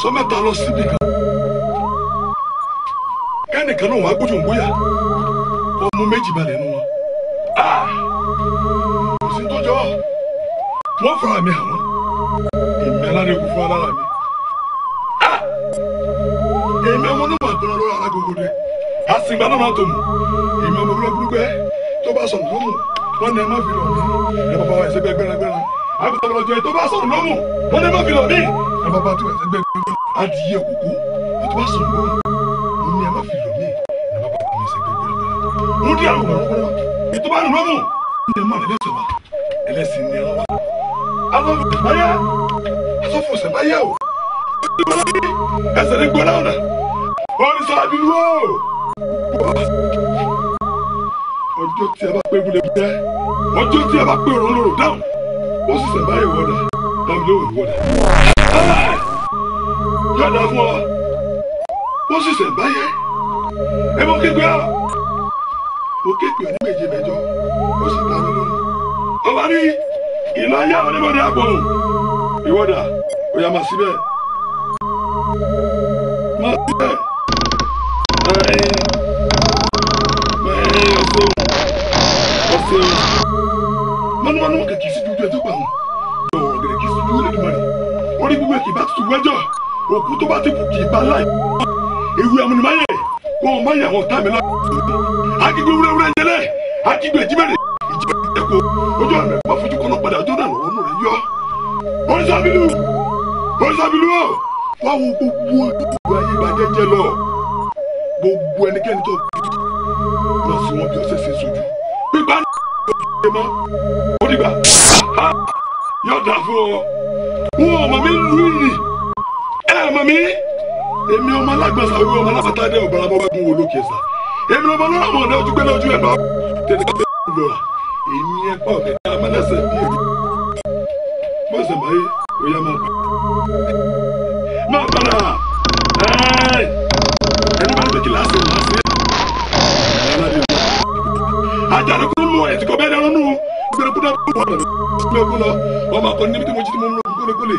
ọ̀sán mẹ́ta lọ síbi kan kẹ́nìkan náà wọ́n á gbójú ngbóyà kó mú méjì balẹ̀ nu wọn. Ah! kò sí tó jọ wọ́n fara mi àwọn èmi alárẹ̀ kò fún alára mi. Ah! èmi àwọn onímọ̀ àtọ́nà lọ́wọ́ alágogo dẹ àsìgbà náà máa tó mu èmi àwọn ọmọ burúkú ẹ tó bá sọ̀rọ̀ lọ́mù wọ́n ní ẹ má fi lọ mí ẹ bàbá wa ẹsẹ̀ bẹ́ẹ̀ gbẹ́rẹ́gbẹ́rẹ́ àbùsọ̀rọ̀ ọjọ́ ẹ tó bá sọ̀rọ̀ lọ́mù wọ́n ní ẹ má fi lọ mí ẹ bàbá tó ẹsẹ̀ bẹ́ẹ̀ adìyẹ kúkú ètò àsọgbó òun ni ẹ má fi lò mí ẹ má bá kún ẹsẹ gbẹgbẹ rẹ. ó dí àwọn ọ̀rọ̀ ètò bá nùnú mú ní ẹ má lè lẹ́sẹ̀ wá ẹlẹ́sìn ní ẹ wá. àwọn ìgbàyà asọ́fọ̀sẹ̀ bá yẹ o ẹsẹ̀ ní gbọ́dá ọ̀nà wọ́n sọ àbínú o. ọjọ́ tí a bá pé ebúlé bẹ́ ọjọ́ tí a bá pé òrùn lòrò dáhùn ó sì sẹ̀ báyìí wọ́dà dáhùn lóhùn wọ́dà dá fún ọ ó sì ṣẹ̀ báyẹ́ ẹ mọ kékeré à ó kékeré ní méje mẹ́jọ ó sì ta mí lóhùn ọba ní iná yá onímọ̀dé àpọ̀hùn ìwọ́dà ó yá máa síbẹ̀ máa síbẹ̀. mọ̀nàmọ́nà kẹ̀kẹ́ sí dúdú ẹjọ́ pa wọn. ọ̀rọ̀ gẹ̀rẹ́ kìí sí dúdú ẹjọ́ pa wọn. orí gbogbo ẹ̀kẹ́ bá tutù wájọ́ òkú tó bá ti kù kì í bá láì ewé amúnimáyè wọn o má yà wọn tá mi lọ. akígbe wúrẹ́wúrẹ́ jẹlẹ̀ akígbe ìjímẹ̀rẹ̀ ìjímẹ̀rẹ̀ jẹ́kọ̀ ojú àmì ẹ̀kọ́ fojú kọ́nà padà ọjọ́ náà lọ́wọ́ náà yọ. mọ́nísàbílù mọ́nísàbílù o wàá wo gbogbo ìgbà ayé ìbàjẹ́ jẹ lọ gbogbo ẹnikẹ́ni tó lọ sí wọn bí ọ̀sẹ̀ ṣe sojú pípa ní ọ̀sẹ̀ mọ́ ó dìgbà yọ̀ọ̀dà fún ọ wọn ò ẹ mọ̀ mi èmi ọmọ alágbàsá wíwọ ọmọ alábàtàdé ọ̀bàrà bọ́ bá gun olókè sá èmi ọmọ ọlọ́run ọmọ ọ̀dẹ́ ojú gbé lójú ẹ̀ bá tètè bẹ́ẹ̀ lọ èmi ẹ̀ pa ọ̀kẹ́ ká má lẹ́sẹ̀ bí èmi mọ̀ ẹ̀sẹ̀ báyé ó yá máa máa padà ẹni bá lókè láti ọ̀nà sí àjàdé kúrò mú ẹ̀ tí kò bẹ́ẹ̀ dáná nù gbẹ̀rẹ̀ kúrò mú ọ̀nà mi ọmọ tí mo jí tí mo mú lọ kólékólé.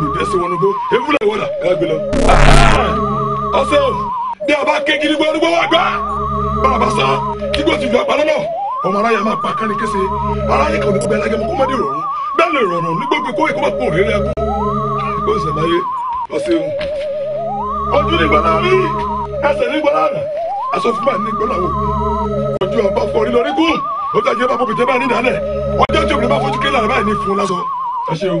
olùdẹ́sẹ̀ wọn nugbó ewúlẹ̀ wọlà ẹ gbé lọ. ọsẹ o bí a bá ké gidi gbọ́ nugbó wà gbá bàbá sá kí gbó ti fi apá lọ́nà ọmọ aráyà máa pa kánni kése aráyà kan ní bẹ́ẹ̀ lágẹ̀mọ́ kó má dé rọrùn bẹ́ẹ̀ lè rọrùn ní gbogbo kó ìkó má pọ̀ rẹ̀ lẹ́kùn. ó sì máa yé ọsẹ o ojú ní gbọ́dọ̀ rí ẹsẹ̀ ní gbọ́dọ̀ rẹ̀ aṣọ fún báyìí ní gbọ́dọ̀ wò ojú ọba fọrí lọ rí gùn ó dájú ẹ bá bọ̀ bìtẹ́ báyìí nílẹ̀ ọjọ́ tí obìnrin bá fojú kélé àrẹ báyìí ní fún lásán ẹ ṣeun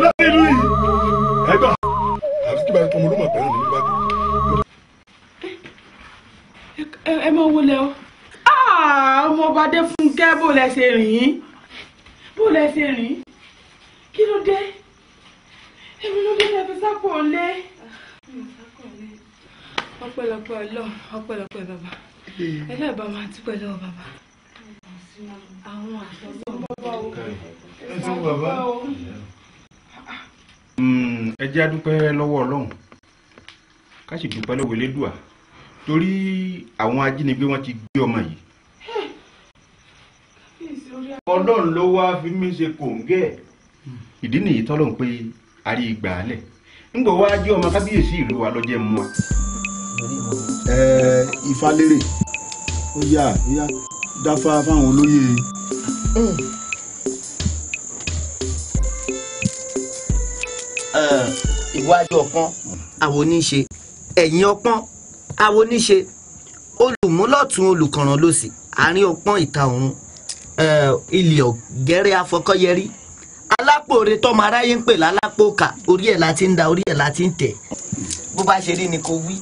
lẹ́yìn ìlú yìí ẹgbà àti kí bá ọmọ ọdún màbẹ́rẹ́ nínú bá dùn. ẹ mọ owó lẹ ọ ah, ọmọ ọba dé fún kẹ bó lẹ ṣe rìn bó lẹ ṣe rìn kí ló dé èmi ló dé lẹbi sápò ńlẹ. ọpẹ́lọpẹ́ Ọlọ́run ọpẹ́lọpẹ́ bàbá ẹlẹ́ẹ̀bá máa dúpẹ́ lọ́wọ́ bàbá àwọn àtọ́jú bàbá o. ẹ ti bàbá. Hmm, ẹ jẹ́ àdúpẹ́ lọ́wọ́ ọlọ́run ká sì dúpẹ́ lọ́wọ́ elédùà torí àwọn ajínigbé wọn ti gbé ọmọ yìí. ọlọ́run ló wá fi mí ṣe kòǹgẹ́ ìdí nìyí tọ́lọ́run pé a rí i gbà á lẹ̀ ńgbà wá jẹ́ ọmọ kábíyèsí ìlú wa lọ́jẹ́ mu wa. ẹ ìfalérè ó yá ó yá dáfá fáwọn olóyè. ìwájú eh, ọpọ́n àwoníṣe ẹ̀yìn ọpọ́n àwoníṣe olùmúlọ̀tún olùkọ̀ràn lòsì àárín ọpọ́n ìta ọ̀run eh, ilẹ̀ ọ̀gẹ́rẹ́ afọkọ́yẹrí alápòore tọmọ aráyé ń pè lálápòkà orí ẹ̀ la ti ń da orí ẹ̀ la ti ń tẹ̀ bó bá ṣe rí ni kò wí.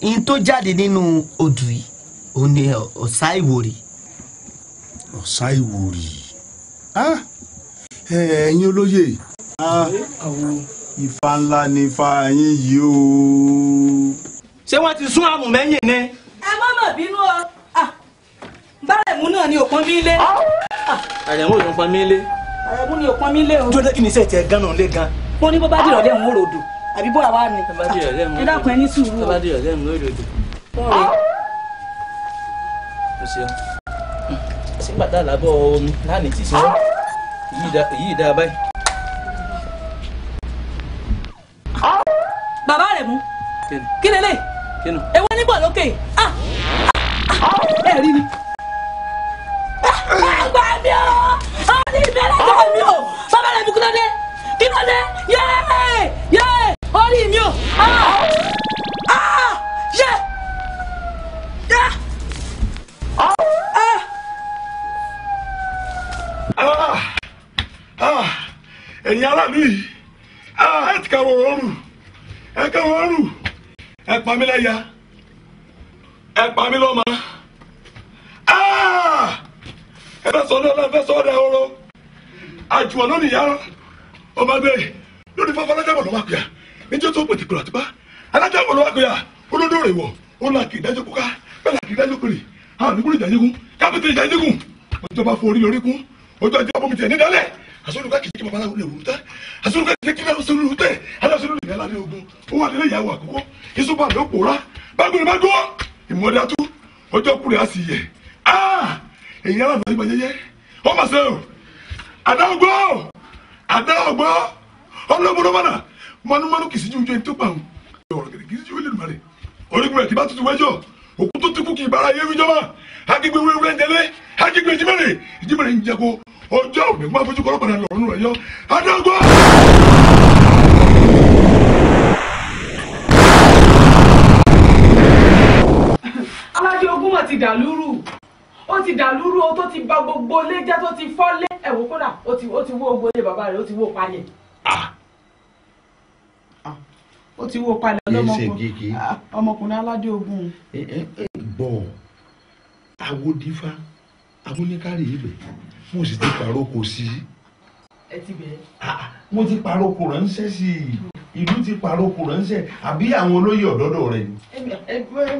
in tó jáde nínú odù yìí òun ni ọ̀sá ìwòrì. ọ̀sá ìwòrì ah, ẹ̀yin olóye ah, ifá ńlá ni ifá yín yìí o. ṣé wọ́n ti sún àmùmẹ́yìn ni. ẹ má mà bínú o ah, bárẹ̀ mú náà ni òpọn mi lé. àyẹ̀wò ìrọ̀pọ̀ mi lé. àyẹ̀wò ni òpọn mi lé o. dúró dé kí ni iṣẹ́ tiẹ̀ gan-an lé gan. wọ́n ní bó bá dìrọ̀lẹ́ òun ò dùn àbí bó àwa ni ẹ dákun ẹ ní sùúrù o. tọ́ládé ọ̀rẹ́ mi lórí odò. mo ṣeun sígbà tá a lábọ̀ omi láàánú tì sí wọn èyí dáa báyìí. bàbá rẹ̀ mú kí lélẹ̀ ewu níbọ lókè ah, ah, ah. ẹ rí ni. àgbà mi ò àwọn ní ìbẹ̀rẹ̀ àgbà mi ò bàbá rẹ̀ mú kí ló dé kí ló dé. nìyá ọmọ gbé lórí fọfọ alájàbọ̀ lọ́wọ́ àpẹyà níjọ́ tó pètè pèrè àtibá alájàbọ̀ lọ́wọ́ àpẹyà olódó rè wọ̀ ó là kì í dájú kúká bẹ́ẹ̀ là kì í dájú kiri àwọn onígbòrò ìjà yígun kápẹ́tì ìjà yígun ọjọba forí lórí kún ọjọ́ ìjọba omi tiẹ̀ nídàálẹ̀ àsọdùkà kìí kí babaláwo lè rú tẹ àsọdùkà kìí kí babaláwo lè rú tẹ aláṣọdù lè yàrá ní ogun ó wà nílé ìyàwó àkókò ìṣùpá ló pòórá bágbèrè bá dúró ìmọ̀dátú ọjọ́ kúrẹ́ á sì yẹ èyí aláàbò ayé bàjẹ́ yẹ ọmọ sẹ́yìn adáwọ̀gbọ́ ọlọ́mọdé wọn náà mọ̀nùmọ́nù kìí síjú ojú ẹni tó gbà ń ọ̀rọ̀ gẹ̀dẹ̀ kìí síjú ilé ìlú rẹ̀ orígun ẹ̀ kì bá tutù wẹ́jọ́ òkú tó ti kú kì í bára yé wíjọba hakigbe wíwúrẹ́ ń tẹ́lẹ̀ hakigbe ìjímẹ̀rẹ̀ ìjímẹ̀rẹ̀ ń jẹ́ko ọjọ́ òní máa fojú kọ́lọ́pàá náà lọ́rùn rẹ̀ yọ adágọ́. aládé ogun mà ti dàlúrù ó ti dàlúrú ó tó ti ba gbogbo ilé jẹ́ tó ti fọ́lé ẹ̀wò kódà ó ti wó gbogbo ilé bàbá rẹ̀ ó ti wó palẹ̀. Ah! ó ti wó palẹ̀ ọlọ́mọkùnrin ah, ọmọkùnrin aládé ogun. bọ́ọ̀ awodífá awóníkárì ibẹ̀ mo sì ti pàrókò sí i. ẹ ti bẹ̀. Ah, ah, mo ti pàrókò ránṣẹ́ sí i ìlú ti pàrókò ránṣẹ́ àbí àwọn olóyè ọ̀dọ́dọ̀ rẹ ni. ẹ ẹ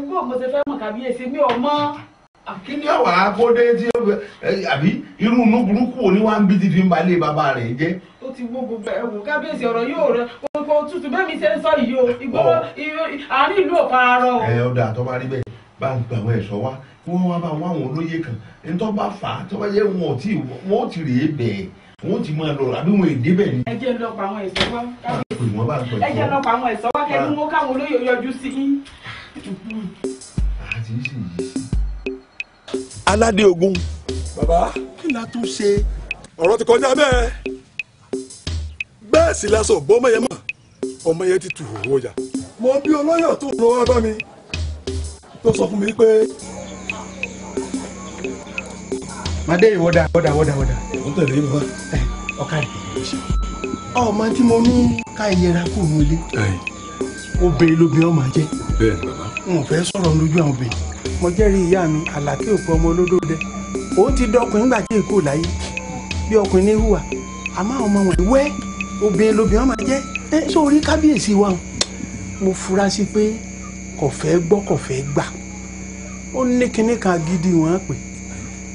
bó mo ti fẹ́ mọ̀ kábíyèsí mi ò mọ̀ kíni ọ̀wà akóde tí ó àbí irú inú burúkú òní wá ń bí ti fi ń balẹ̀ bàbá rẹ̀ jẹ́. ó ti gbogbo ẹ wò kábíyèsí ọ̀rọ̀ yóò rẹ òpó tútù bẹ́ẹ̀ mi ṣe ń sọ yìí o ìgbọ́wọ́ àárín ìlú òfararọ. ẹ ọ̀dà tó bá rí bẹ́ẹ̀ bá ń gbàwọ́ ẹ̀ṣọ́ wá kí wọ́n wá bá wá àwọn olóyè kan ẹni tó bá fà á tó bá yẹ wọn ò tí wọn ò tí rèé bẹ́ẹ̀ wọn ti máa lọ àbí wọn èdè bẹ́ẹ̀ ni. ẹ jẹ́ lọ pa àwọn ẹ̀ṣọ́ wá kábíyèsí ẹ jẹ́ lọ pa àwọn ẹ̀ṣọ́ wá kẹ́ni mo káwọn olóyè yọjú sí i. àti ah, ìsìn yìí aládé ogun. bàbá kí la tún ṣe. ọ̀rọ̀ ti kọjá bẹ́ẹ̀ bẹ́ẹ̀ sì la sọ bọ́mọ yẹn mọ̀ ọmọ yẹn ti tù owó ọjà. mo bí ọlọ́yọ̀ tó lọ wá bá mi tó sọ fún mi pé. màdé ìwọ́dà wọ́dà wọ́dà wọ́dà. mo tẹ̀lé yín bàbá. ọ̀ka rẹ̀ ọmọ tí mo ní ká yẹra kó nu ilé obìnrin lóbi ọmọ jẹ n ò fẹ́ sọ̀rọ̀ lójú àwọn obìnrin mo jẹ́rìí ìyá mi àlàkí òpó ọmọ olódóde òun ti dọkùn nígbà tí èkó láyé bí ọkùnrin ní hùwà àmọ́ àwọn ọmọ wọn wẹ́ obìnrin lobìnrin wọn máa jẹ́ ẹ sórí kábíyèsí wa o mo fura sí pé kò fẹ́ gbọ́ kò fẹ́ gbà ó ní kinní kan gidi wọn pè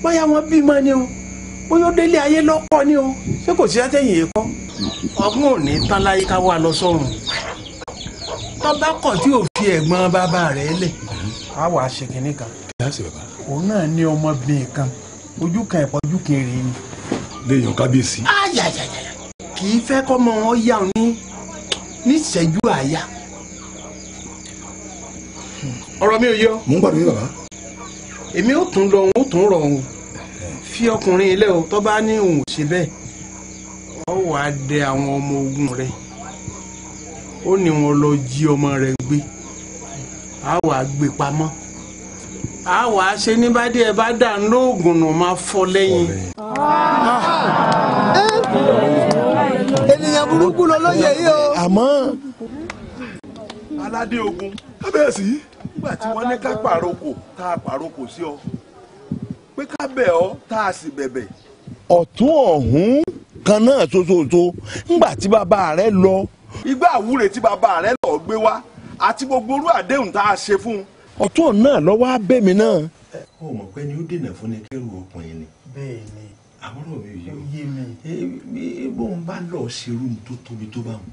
bóyá wọn bímọ ni o bóyá ó délé ayé lọ́kọ ni o ṣé kò sí àtẹ̀yìn èkó ọgbọ́n ò ní tán láyé ká wà lọ sọ́run tọ́ba kọ̀ tí ò fi ẹ̀gbọ́n bàbá rẹ̀ lẹ̀ a wàá ṣe kínní kan. kí á sì bàbá. òun náà ní ọmọbìnrin kan ojú kan ẹ̀pọ̀ ojú kan èrè ni. léèyàn kábíyèsí. ayayaya kì í fẹ́ kọ́ mọ ọ yá òun ní níṣẹ́jú àyà. ọ̀rọ̀ mi ò yọ. mò ń gbàdúrà yín bàbá. èmi ò tún lọ òun ò tún rọ òun fi ọkùnrin ilé o tó bá ní òun ò ṣe bẹ́ẹ̀ ọ wàá dẹ àwọn ọmọ ogun rẹ̀ ó ní wọn lọ jí ọmọ rẹ̀ gbé a wà gbé pamọ́ a wà ṣe ní bá díẹ̀ bá dà ń lóògùn nù máa fọ lẹ́yìn. Ah! ènìyàn burúkú ló lóye yìí o. àmọ́ aládé ogun bẹ́ẹ̀ sí nígbà tí wọ́n ní ká pàrokò tá a pàrokò sí ọ pé ká bẹ̀ ọ́ tá a sì bẹ̀bẹ̀. ọ̀tún ọ̀hún kan náà ṣoṣooṣo ńgbà tí bàbá rẹ lọ. igbá àwúre tí bàbá rẹ lọ gbé wá àti gbogbo orú àdéhùn tá a ṣe fún un. ọ̀tún náà lọ́wọ́ á bẹ̀ mí náà. ó mọ̀ pé ni ó dènà fún ni kẹ́rù ọkùnrin ni. bẹ́ẹ̀ ni àbúrò mi yìí ó yé mi. bó ń bá lọ ṣerú ni tó tóbi tó bá wọn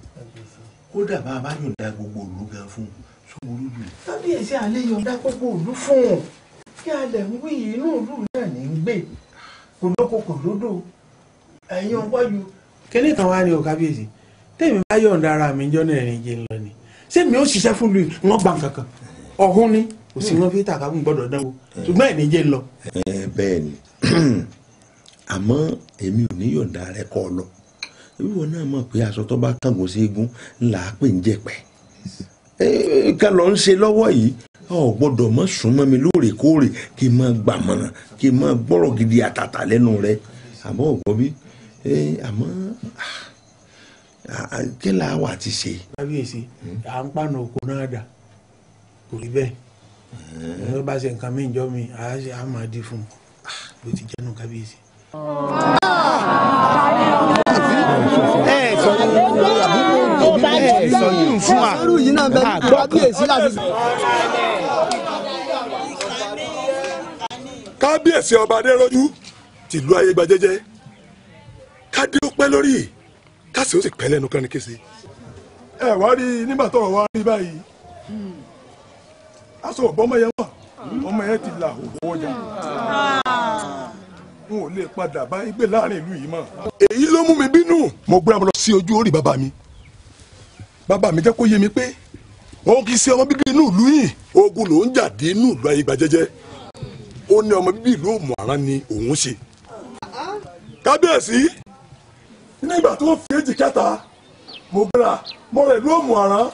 kódà bá a bá yọ̀ǹda gbogbo òlu gan fún un sóburú jù. kábíyèsí àlẹ́ yọ̀ǹda gbogbo òlu fún un kí alẹ̀ ń wí inú òlu náà ní í gbé kò lóko kò lódò ẹ̀yin ọwọ́ yìí. kíní kan wá ní o kábíyèsí tèmi bá yọ̀ǹda ara mi jọ́nà ẹ̀rìn jẹ́ lọ sẹ́mi ó ṣiṣẹ́ fún lu wọn gbà kankan ọ̀hún ni kò sí wọn fi tàkà fún gbọ́dọ̀ dánwò ṣùgbọ́n ẹ̀mí jẹ́ lọ. ẹ bẹ́ẹ̀ ni *clears throat* àmọ́ èmi ò ní yọ̀ǹda rẹ kọ́ ọ lọ ebi wọn náà mọ̀ pé aṣọ tó bá kángun sí eégún là á pè ń jẹ̀pẹ̀ ká lọ ń ṣe lọ́wọ́ yìí ọ gbọ́dọ̀ mọ́ mi lóòrèkóòrè kí n máa gbàmọ̀ràn kí n máa gbọ́rọ̀ gidi àtàtà lẹ́nu rẹ àmọ́ ọ̀gbọ́n bí àmọ́ ah, kí là wà ti ṣe. à ń pàna oko náà dà kò rí bẹ́ẹ̀ ní bá ṣe nǹkan mi jọ mi a máa di fún un ah, ló ti jẹ́nu kábíyèsí. kábíyèsí láti. kábíyèsí ọba adérójú tìlú ayégbajẹjẹ kádé ó pẹ́ lórí yìí. káàsì ó sì pẹ́ lẹ́nu kán ní kése ẹ wá rí nígbà tọrọ wá rí báyìí aṣọ ọ̀bọ́mọ yẹn wà ọmọ yẹn ti là òwò ọjà n ò lè padà bá igbe láàrin ìlú yìí mọ́. èyí ló mú mi bínú. mo gbéra lọ sí ojú orí bàbá mi bàbá mi jẹ́ kó yé mi pé òun kì í ṣe ọmọ bíbí inú ìlú yìí ogun ló jà dé inú ìlú ayé gbajẹ́jẹ́ ó ní ọmọ bíbí ìlú òmùaran ni òun ṣe. kábíyèsí nígbà tó fi èjì kẹta mo gbéra mo rẹ̀ ló mú àrán.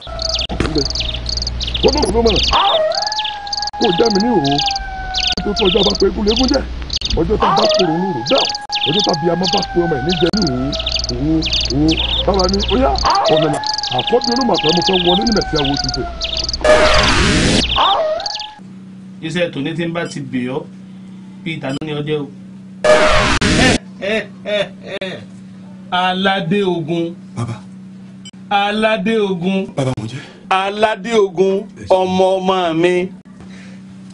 wọ́n lóun ló mọ̀nà kó já mi ní òru tó tó ọjọ́ bá pé egúngún jẹ́ ọjọ́ tá a bá kúrò ń lòrò bẹ́ẹ̀ ọjọ́ tá a bí amọ́ bá pé ọmọ ẹ̀ ní jẹ́ ní òru òru òru báwa ni ó yá ọ̀nà àkọ́bí olùmọ̀tọ́ mo fẹ́ wọlé nílẹ̀ tí a wo ti tẹ̀. iṣẹ́ tòní tí ń bá ti bè ọ́ bíi ìtànú ni ọjọ́ o aládé ogun. bàbá. aládé ogun. bàbá mo aládé ogun ọmọ ọmọ mi.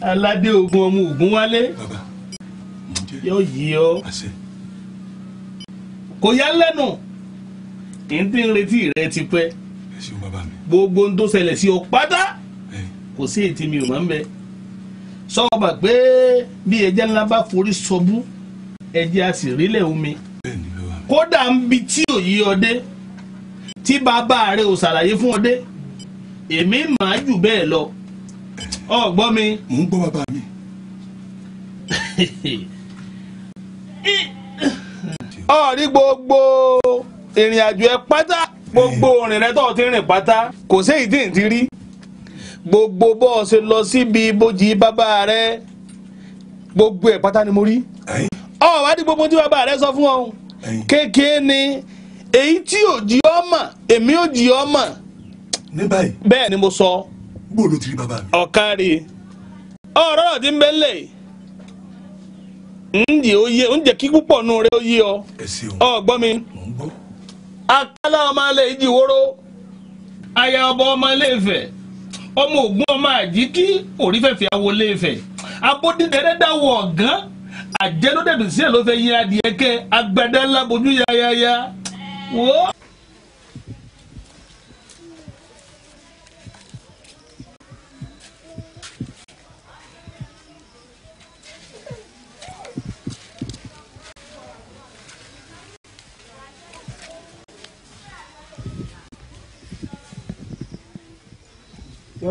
aládé ogun ọmọ ogun wálé. bàbá mo jẹ́. yóò yí ọ. àṣẹ. kò yá lẹ́nu kì í ti ń retí rẹ tipẹ́. ẹ ṣeun bàbá mi. gbogbo ohun tó ṣẹlẹ̀ sí ọ pátá kò sí ètí mi ò máa ń bẹ sọ́wọ́ bà pé bí ẹja ńlá bá forí sọbú ẹja a sì rílẹ̀ omi kódà ń bi tí òyì ọdẹ tí bàbá rẹ ò ṣàlàyé fún ọdẹ èmi màá jù bẹ́ẹ̀ lọ ọgbọ́n mi. mò ń gbọ́ bàbá mi. ọ̀rí gbogbo ìrìn àjò ẹ pátá gbogbo òrìn rẹ tó ti rìn pátá kò sí ìdí ìdí rí gbogbo bó o ṣe lọ síbi ibojì bàbá rẹ gbogbo ẹ pátá ni mo rí ọ̀wádìí gbogbo tí bàbá rẹ sọ fún ọ kékeré ni èyí tí ò jí ọmọ èmi ò jí ọmọ. ní báyìí. bẹ́ẹ̀ ni mo sọ. bó ló ti rí bàbá mi. ọ̀kan rí i ọ̀rọ̀ ọ̀dí ń bẹ́ ǹjẹ́ ó yé oúnjẹ kí púpọ̀ nù rẹ ó yé ọ. ọ gbọ́ mi. akálá ọmọ alẹ́ ìjìwòrò aya ọba ọmọ ilé Ifẹ̀ ọmọ Ògún ọmọ àjíkí òrífẹ̀fẹ̀ àwọlé Ifẹ̀ abódìdẹ́rẹ́dà wọ̀ ọ̀gán àjẹnudẹ̀dù sí ẹ̀ ló adìẹ kẹ́ agbada ńlá bojú yáyáyá yóò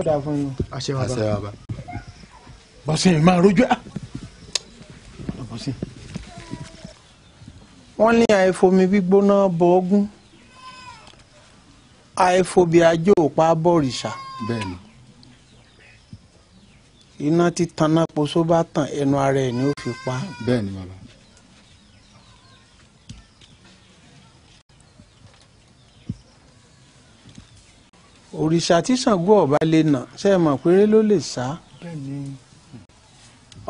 dáa fún yín. àṣẹ wa bá bọ́sẹ̀ mi máa rojú kú sí. wọ́n ní àìfomi gbígbóná bọ ogún àìfobi ajó òpá bọ̀rìṣà. bẹ́ẹ̀ni. iná ti tanná poṣó bá tàn ẹnu ara ẹ̀ ni ó fi pa. bẹ́ẹ̀ni bàbá. òrìṣà tí Ṣàngó ọba lè nà ṣe é mọ̀ péré ló lè sá.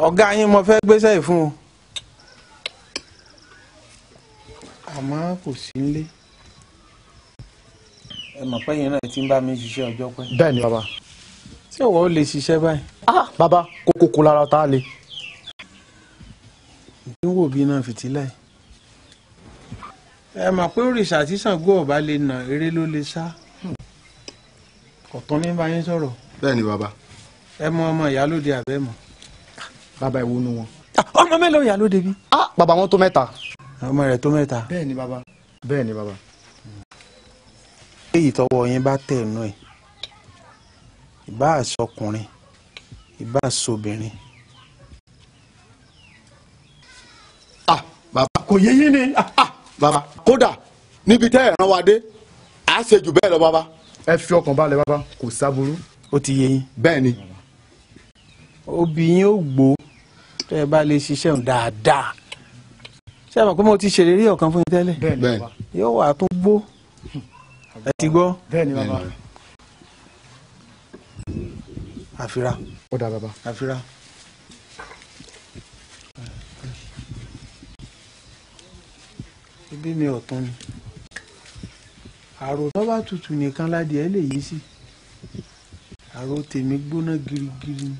ọ̀gá yín mo fẹ́ gbéṣẹ́ ìfún o. àmọ́ kò sí nílé. ẹ mọ̀ pé yẹn náà ti ń bá mi ṣiṣẹ́ ọjọ́ pẹ́. bẹ́ẹ̀ ni bàbá. ṣé ìwọ lè ṣiṣẹ́ báyìí. ah bàbá kókó kó lára tá a lè. ìdínwó bíi náà fìtílà yìí. ẹ mọ̀ pé òrìṣà tí Ṣàngó ọba lè nà eré ló lè sá. ọ̀tún ní bá yín sọ̀rọ̀. bẹ́ẹ̀ ni bàbá. ẹ mọ ọmọ ìyálóde àbẹ́ mọ̀. bàbá ìwọ nu wọn. Ah, ọmọ mélòó ìyálóde bí. ah bàbá wọn tó mẹ́ta ọmọ rẹ̀ tó mẹ́ta. bẹ́ẹ̀ baba bàbá bẹ́ẹ̀ ni bàbá. èyí tọ́wọ́ yín bá tẹ̀ nù ẹ̀ ìbá àṣọkùnrin ìbá àṣọbìnrin. ah baba kò yé yín ni ah, ah bàbá kódà níbi tẹ́ ẹ̀ rán wa dé à á ṣe jù bẹ́ẹ̀ lọ bàbá. ẹ fi ọkàn balẹ̀ bàbá kò sábúrú. ó ti yé yín. bẹ́ẹ̀ ni. ó gbó tẹ́ ẹ bá lè ṣiṣẹ́ dáadáa ṣé àmọ́ pé mo ti ṣèlérí ọ̀kan fún yín tẹ́lẹ̀ yóò wà tó gbó hmm. ẹ ti gbọ́ àfira àfira. ibi mi ọ̀tún ni àrò tó bá tutù nìkan ládìẹ lè yí sí àrò tèmi gbóná girigiri ni.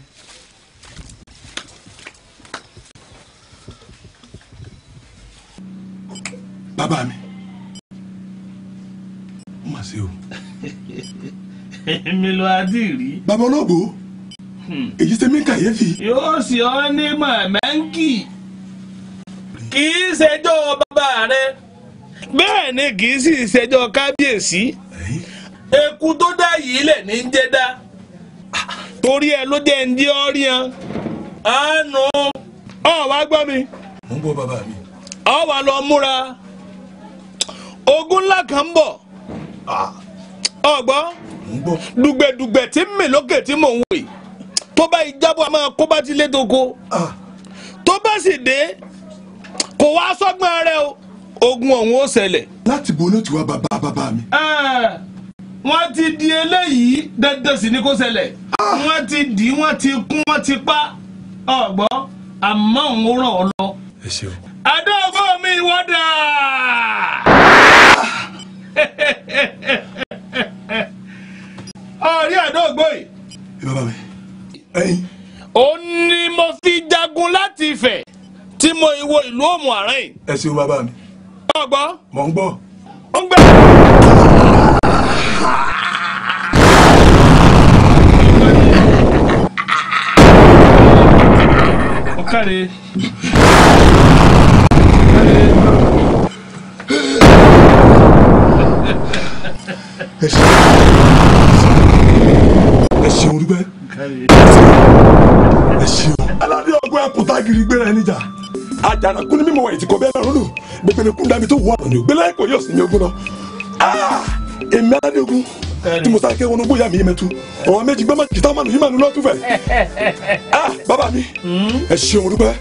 bàbá mi ó mà ṣe o. èmi ló adì rí. bàbá olóògbò hmm. èyí ṣe mí kàyéfì. yóò sì ọ́ ní mọ̀mẹ́ńkì kì í ṣẹjọ́ bàbá rẹ bẹ́ẹ̀ ni kì í sì ṣẹjọ́ kábíyèsí eku tó dá yìí lẹ̀ ní jẹ́ dá torí ẹ ló jẹ́ ń di ọ́rí yan àánú ọ̀ wá gbọ́ mi. mo ń gbọ́ bàbá mi. ọ̀ wá lọ múra ogun ńlá kan ń bọ̀ ọgbọ́n dùgbẹ̀dùgbẹ̀ tí mi lókè tí mò ń wè tó bá ìjábọ̀ àmọ́ kó bá ti lé toko tó bá sì dé kò wá sọ́gbọ́n rẹ o ogun ọ̀hún ó ṣẹlẹ̀. láti bo ló ti bàbá bàbá mi. wọ́n ti di eléyìí dandan sí ni kó ṣẹlẹ̀ wọ́n ti di í wọ́n ti kún wọ́n ti pa ọ̀gbọ́n àmọ́ òun ràn ọ́ lọ. ẹ ṣeun. adé mi wọ́n dáa. ìlú òmù àárín. ẹ ṣeun bàbá mi. mo gbọ́. mo ń gbọ́. ó ń gbẹ. ọ̀kàrẹ̀. ẹ ṣeun ẹ ṣeun dúpẹ́ ẹ ṣeun aládé ọgbọ́n ẹ̀kúta gírígbé rẹ̀ níjà. àjànàkú ni mímọ ìtìkọ bẹ́ẹ̀ náà lónìí gbogbo ẹni kún dami tó wà lónìí ògbélé ẹkọ yóò sì ní ogún náà èmi aládéogun tí mo sáré kéwọn bóyá mi mẹtu ọmọ méjì gbọmọ jìtá mánu yímanu bàbá mi ẹ ṣeun dúpẹ́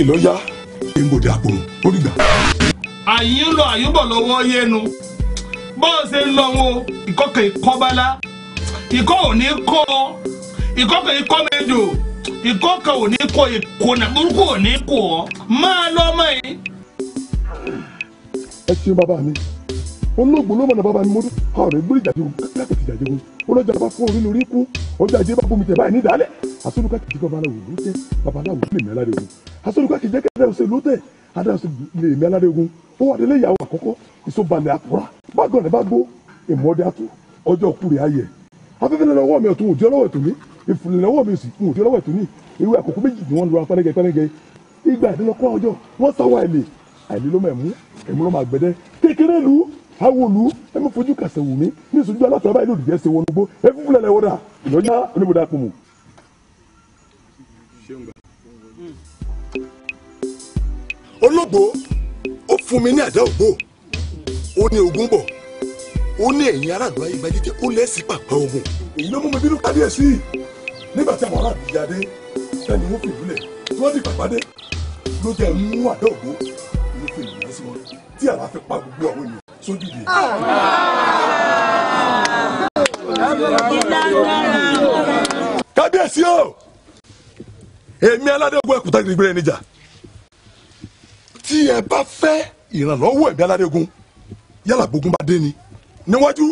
ìlọyà ìgbòdì àpòrò ó dìgbà. àyín lọ àyíbọ̀ lo yẹnu wo ìkọ́kọ̀ ò ní kọ ìkùnà burúkú ò ní kù ọ́ máa lọ ọmọ yìí. ẹ ṣeun bàbá mi olóògùn ló mọ̀nà bàbá mi mo dún ọ̀rẹ́ gbórí ìjàjẹun lákàtì ìjàjẹun olójà bá fún orí lórí kú ọjà ajé bá bomi tẹ̀ báyìí ní ìdálẹ̀ asọ́nùkà kìí jẹ́ babaláwo ló tẹ̀ babaláwo lè mẹ́lá de ogun asọ́nùkà kìí jẹ́ kẹ́kẹ́ ọ̀sẹ̀ ló tẹ̀ adáhùn lè mẹ́lá de ogun ó wà délé ìyàwó àkọ́kọ́ ìsọ̀balẹ̀ àkùrà bágọ̀n rẹ̀ bá gbó ìmọ̀ọ́dẹ́ àtú ọjọ́ òkú rẹ̀ ayẹ̀ afẹ́fẹ́ lọ́wọ́ mi ọ̀tún òjò lọ́wọ́ ètò mi ìfìlẹ̀ lọ́wọ́ mi sì n ò fi lọ́wọ́ ètò ní irú àkókò méjì ni wọ́n lura pẹ́rẹ́gẹ pẹ́rẹ́gẹ ìgbà ìdílọ́kọ́ ọjọ́ wọ́n sọ wá àìlè àìlè ló mọ̀ ẹ̀mú ẹ̀mú ló máa gbẹ̀dẹ́ kékeré lu awolu ẹ mọ fojú kàṣẹ wù mí ní ìsojú alátọ̀ báyìí lòdì jẹ́sẹ̀ wọn gbó ẹ fún fúnlẹ̀ lẹ́wọ́dà ìlọ́jà oníbòdà kùmù. olóògbò ó fún mi ní àdá ògbó ó ní ogun bọ̀ ó ní ẹ̀yìn aráàlú ayé gbajújẹ́ ó lẹ́sìn pàpà ogun èyí ló mú mi bínú kábíyèsí nígbà tí àwọn aráàlú yá dé sẹ́ni wọ́n fìlú lẹ̀ tí wọ́n dìgbà bá dé ló jẹ́ mú àdá ògbó ló fi ìlú lọ sí wọn tí àlá fi pa gbogbo àwọn ènìyàn sójú di. kábíyèsí o èmi aládé ogun ẹkùn tagiri gbére níjà tí ẹ bá fẹ́ ìrànlọ́wọ́ ẹ̀mí aládé yálà gbogbo bá dé ni níwájú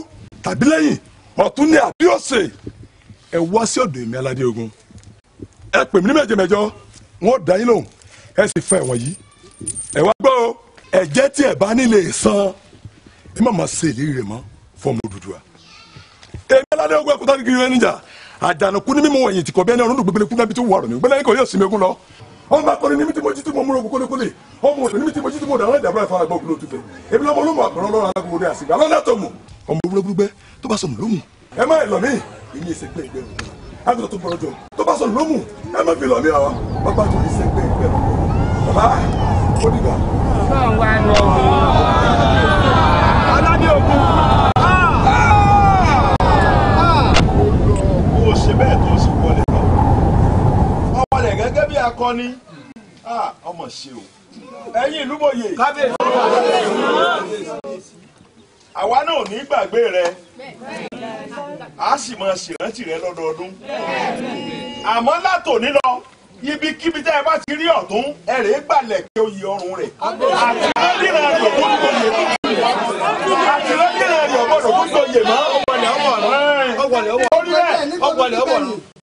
tàbí lẹ́yìn ọ̀tún ní àbí ọ̀sẹ̀ ẹ wá sí ọ̀dọ̀ èmi aládé ogun ẹ pè mí ní mẹ́jẹmẹ́jọ wọn ò dá yín lóhùn ẹ sì fẹ́ wọn yìí ẹ wá gbọ́ o ẹ̀jẹ̀ tí ẹ bá nílé san ẹ má máa ṣe ìlérí rẹ̀ mọ́ fọmọ Odùduwà èmi aládé ogun ẹkọ tàbí kiri ẹnìjà àjànàkú ní mímú wọ̀nyí tìkọ̀ bẹ́ẹ̀ ní ọdún gbẹgbẹlẹ kúndàbí tó wà rọ̀ mí gbẹlẹ́ kò yóò sinmi ogun lọ ọmọ akọni ní mímú tí mo múra ogun kólékólé ọmọ òṣèlú mímú tí mo jí tí mo dàrán ìdàbọ̀ ìfara gbọ́ òkúlò òtútù èmi lọ́mọ olómọ àpẹrẹ ọlọ́run alágbèrè ní àsìgbà lọ́lẹ́tọ̀ mọ̀ ọmọ ológun gbẹ tó bá sọ̀mù lóhùn ẹ má lọ mí èmi èsè gbẹ ìgbẹ òkú àgùntàn tó bọ̀rọ̀ jọ tó bá sọ̀rọ̀ lómù ẹ má fi lọ mí ọ bàbá tó èsè gbẹ ìgbẹ òkú bàbá ó dìgbà. sọ̀rọ̀ wá o ṣe o sì wọlé lọ. ọmọlẹ̀ gẹ́gẹ́ bí akọni ah, ọmọ ṣe o ẹ̀yin ìlú bòye àwa náà ò ní gbàgbé rẹ a sì máa ṣèrántí rẹ lọ́dọọdún àmọ́ látòní lọ ibikíbi tẹ́ ẹ bá ti rí ọ̀tún ẹ rè é gbalẹ̀ kí ó yí ọrùn rẹ̀ àtìlẹ́dìrẹ́ ayọ̀ tó ń gbòye àtìlẹ́dìrẹ́ ayọ̀ gbọ́dọ̀ tó ń gbòye mọ́ ọgbọ̀lẹ̀ ọgbọ̀lẹ̀ ọgbọ̀lẹ̀ ọgbọ̀lẹ̀ ọgbọ̀lẹ̀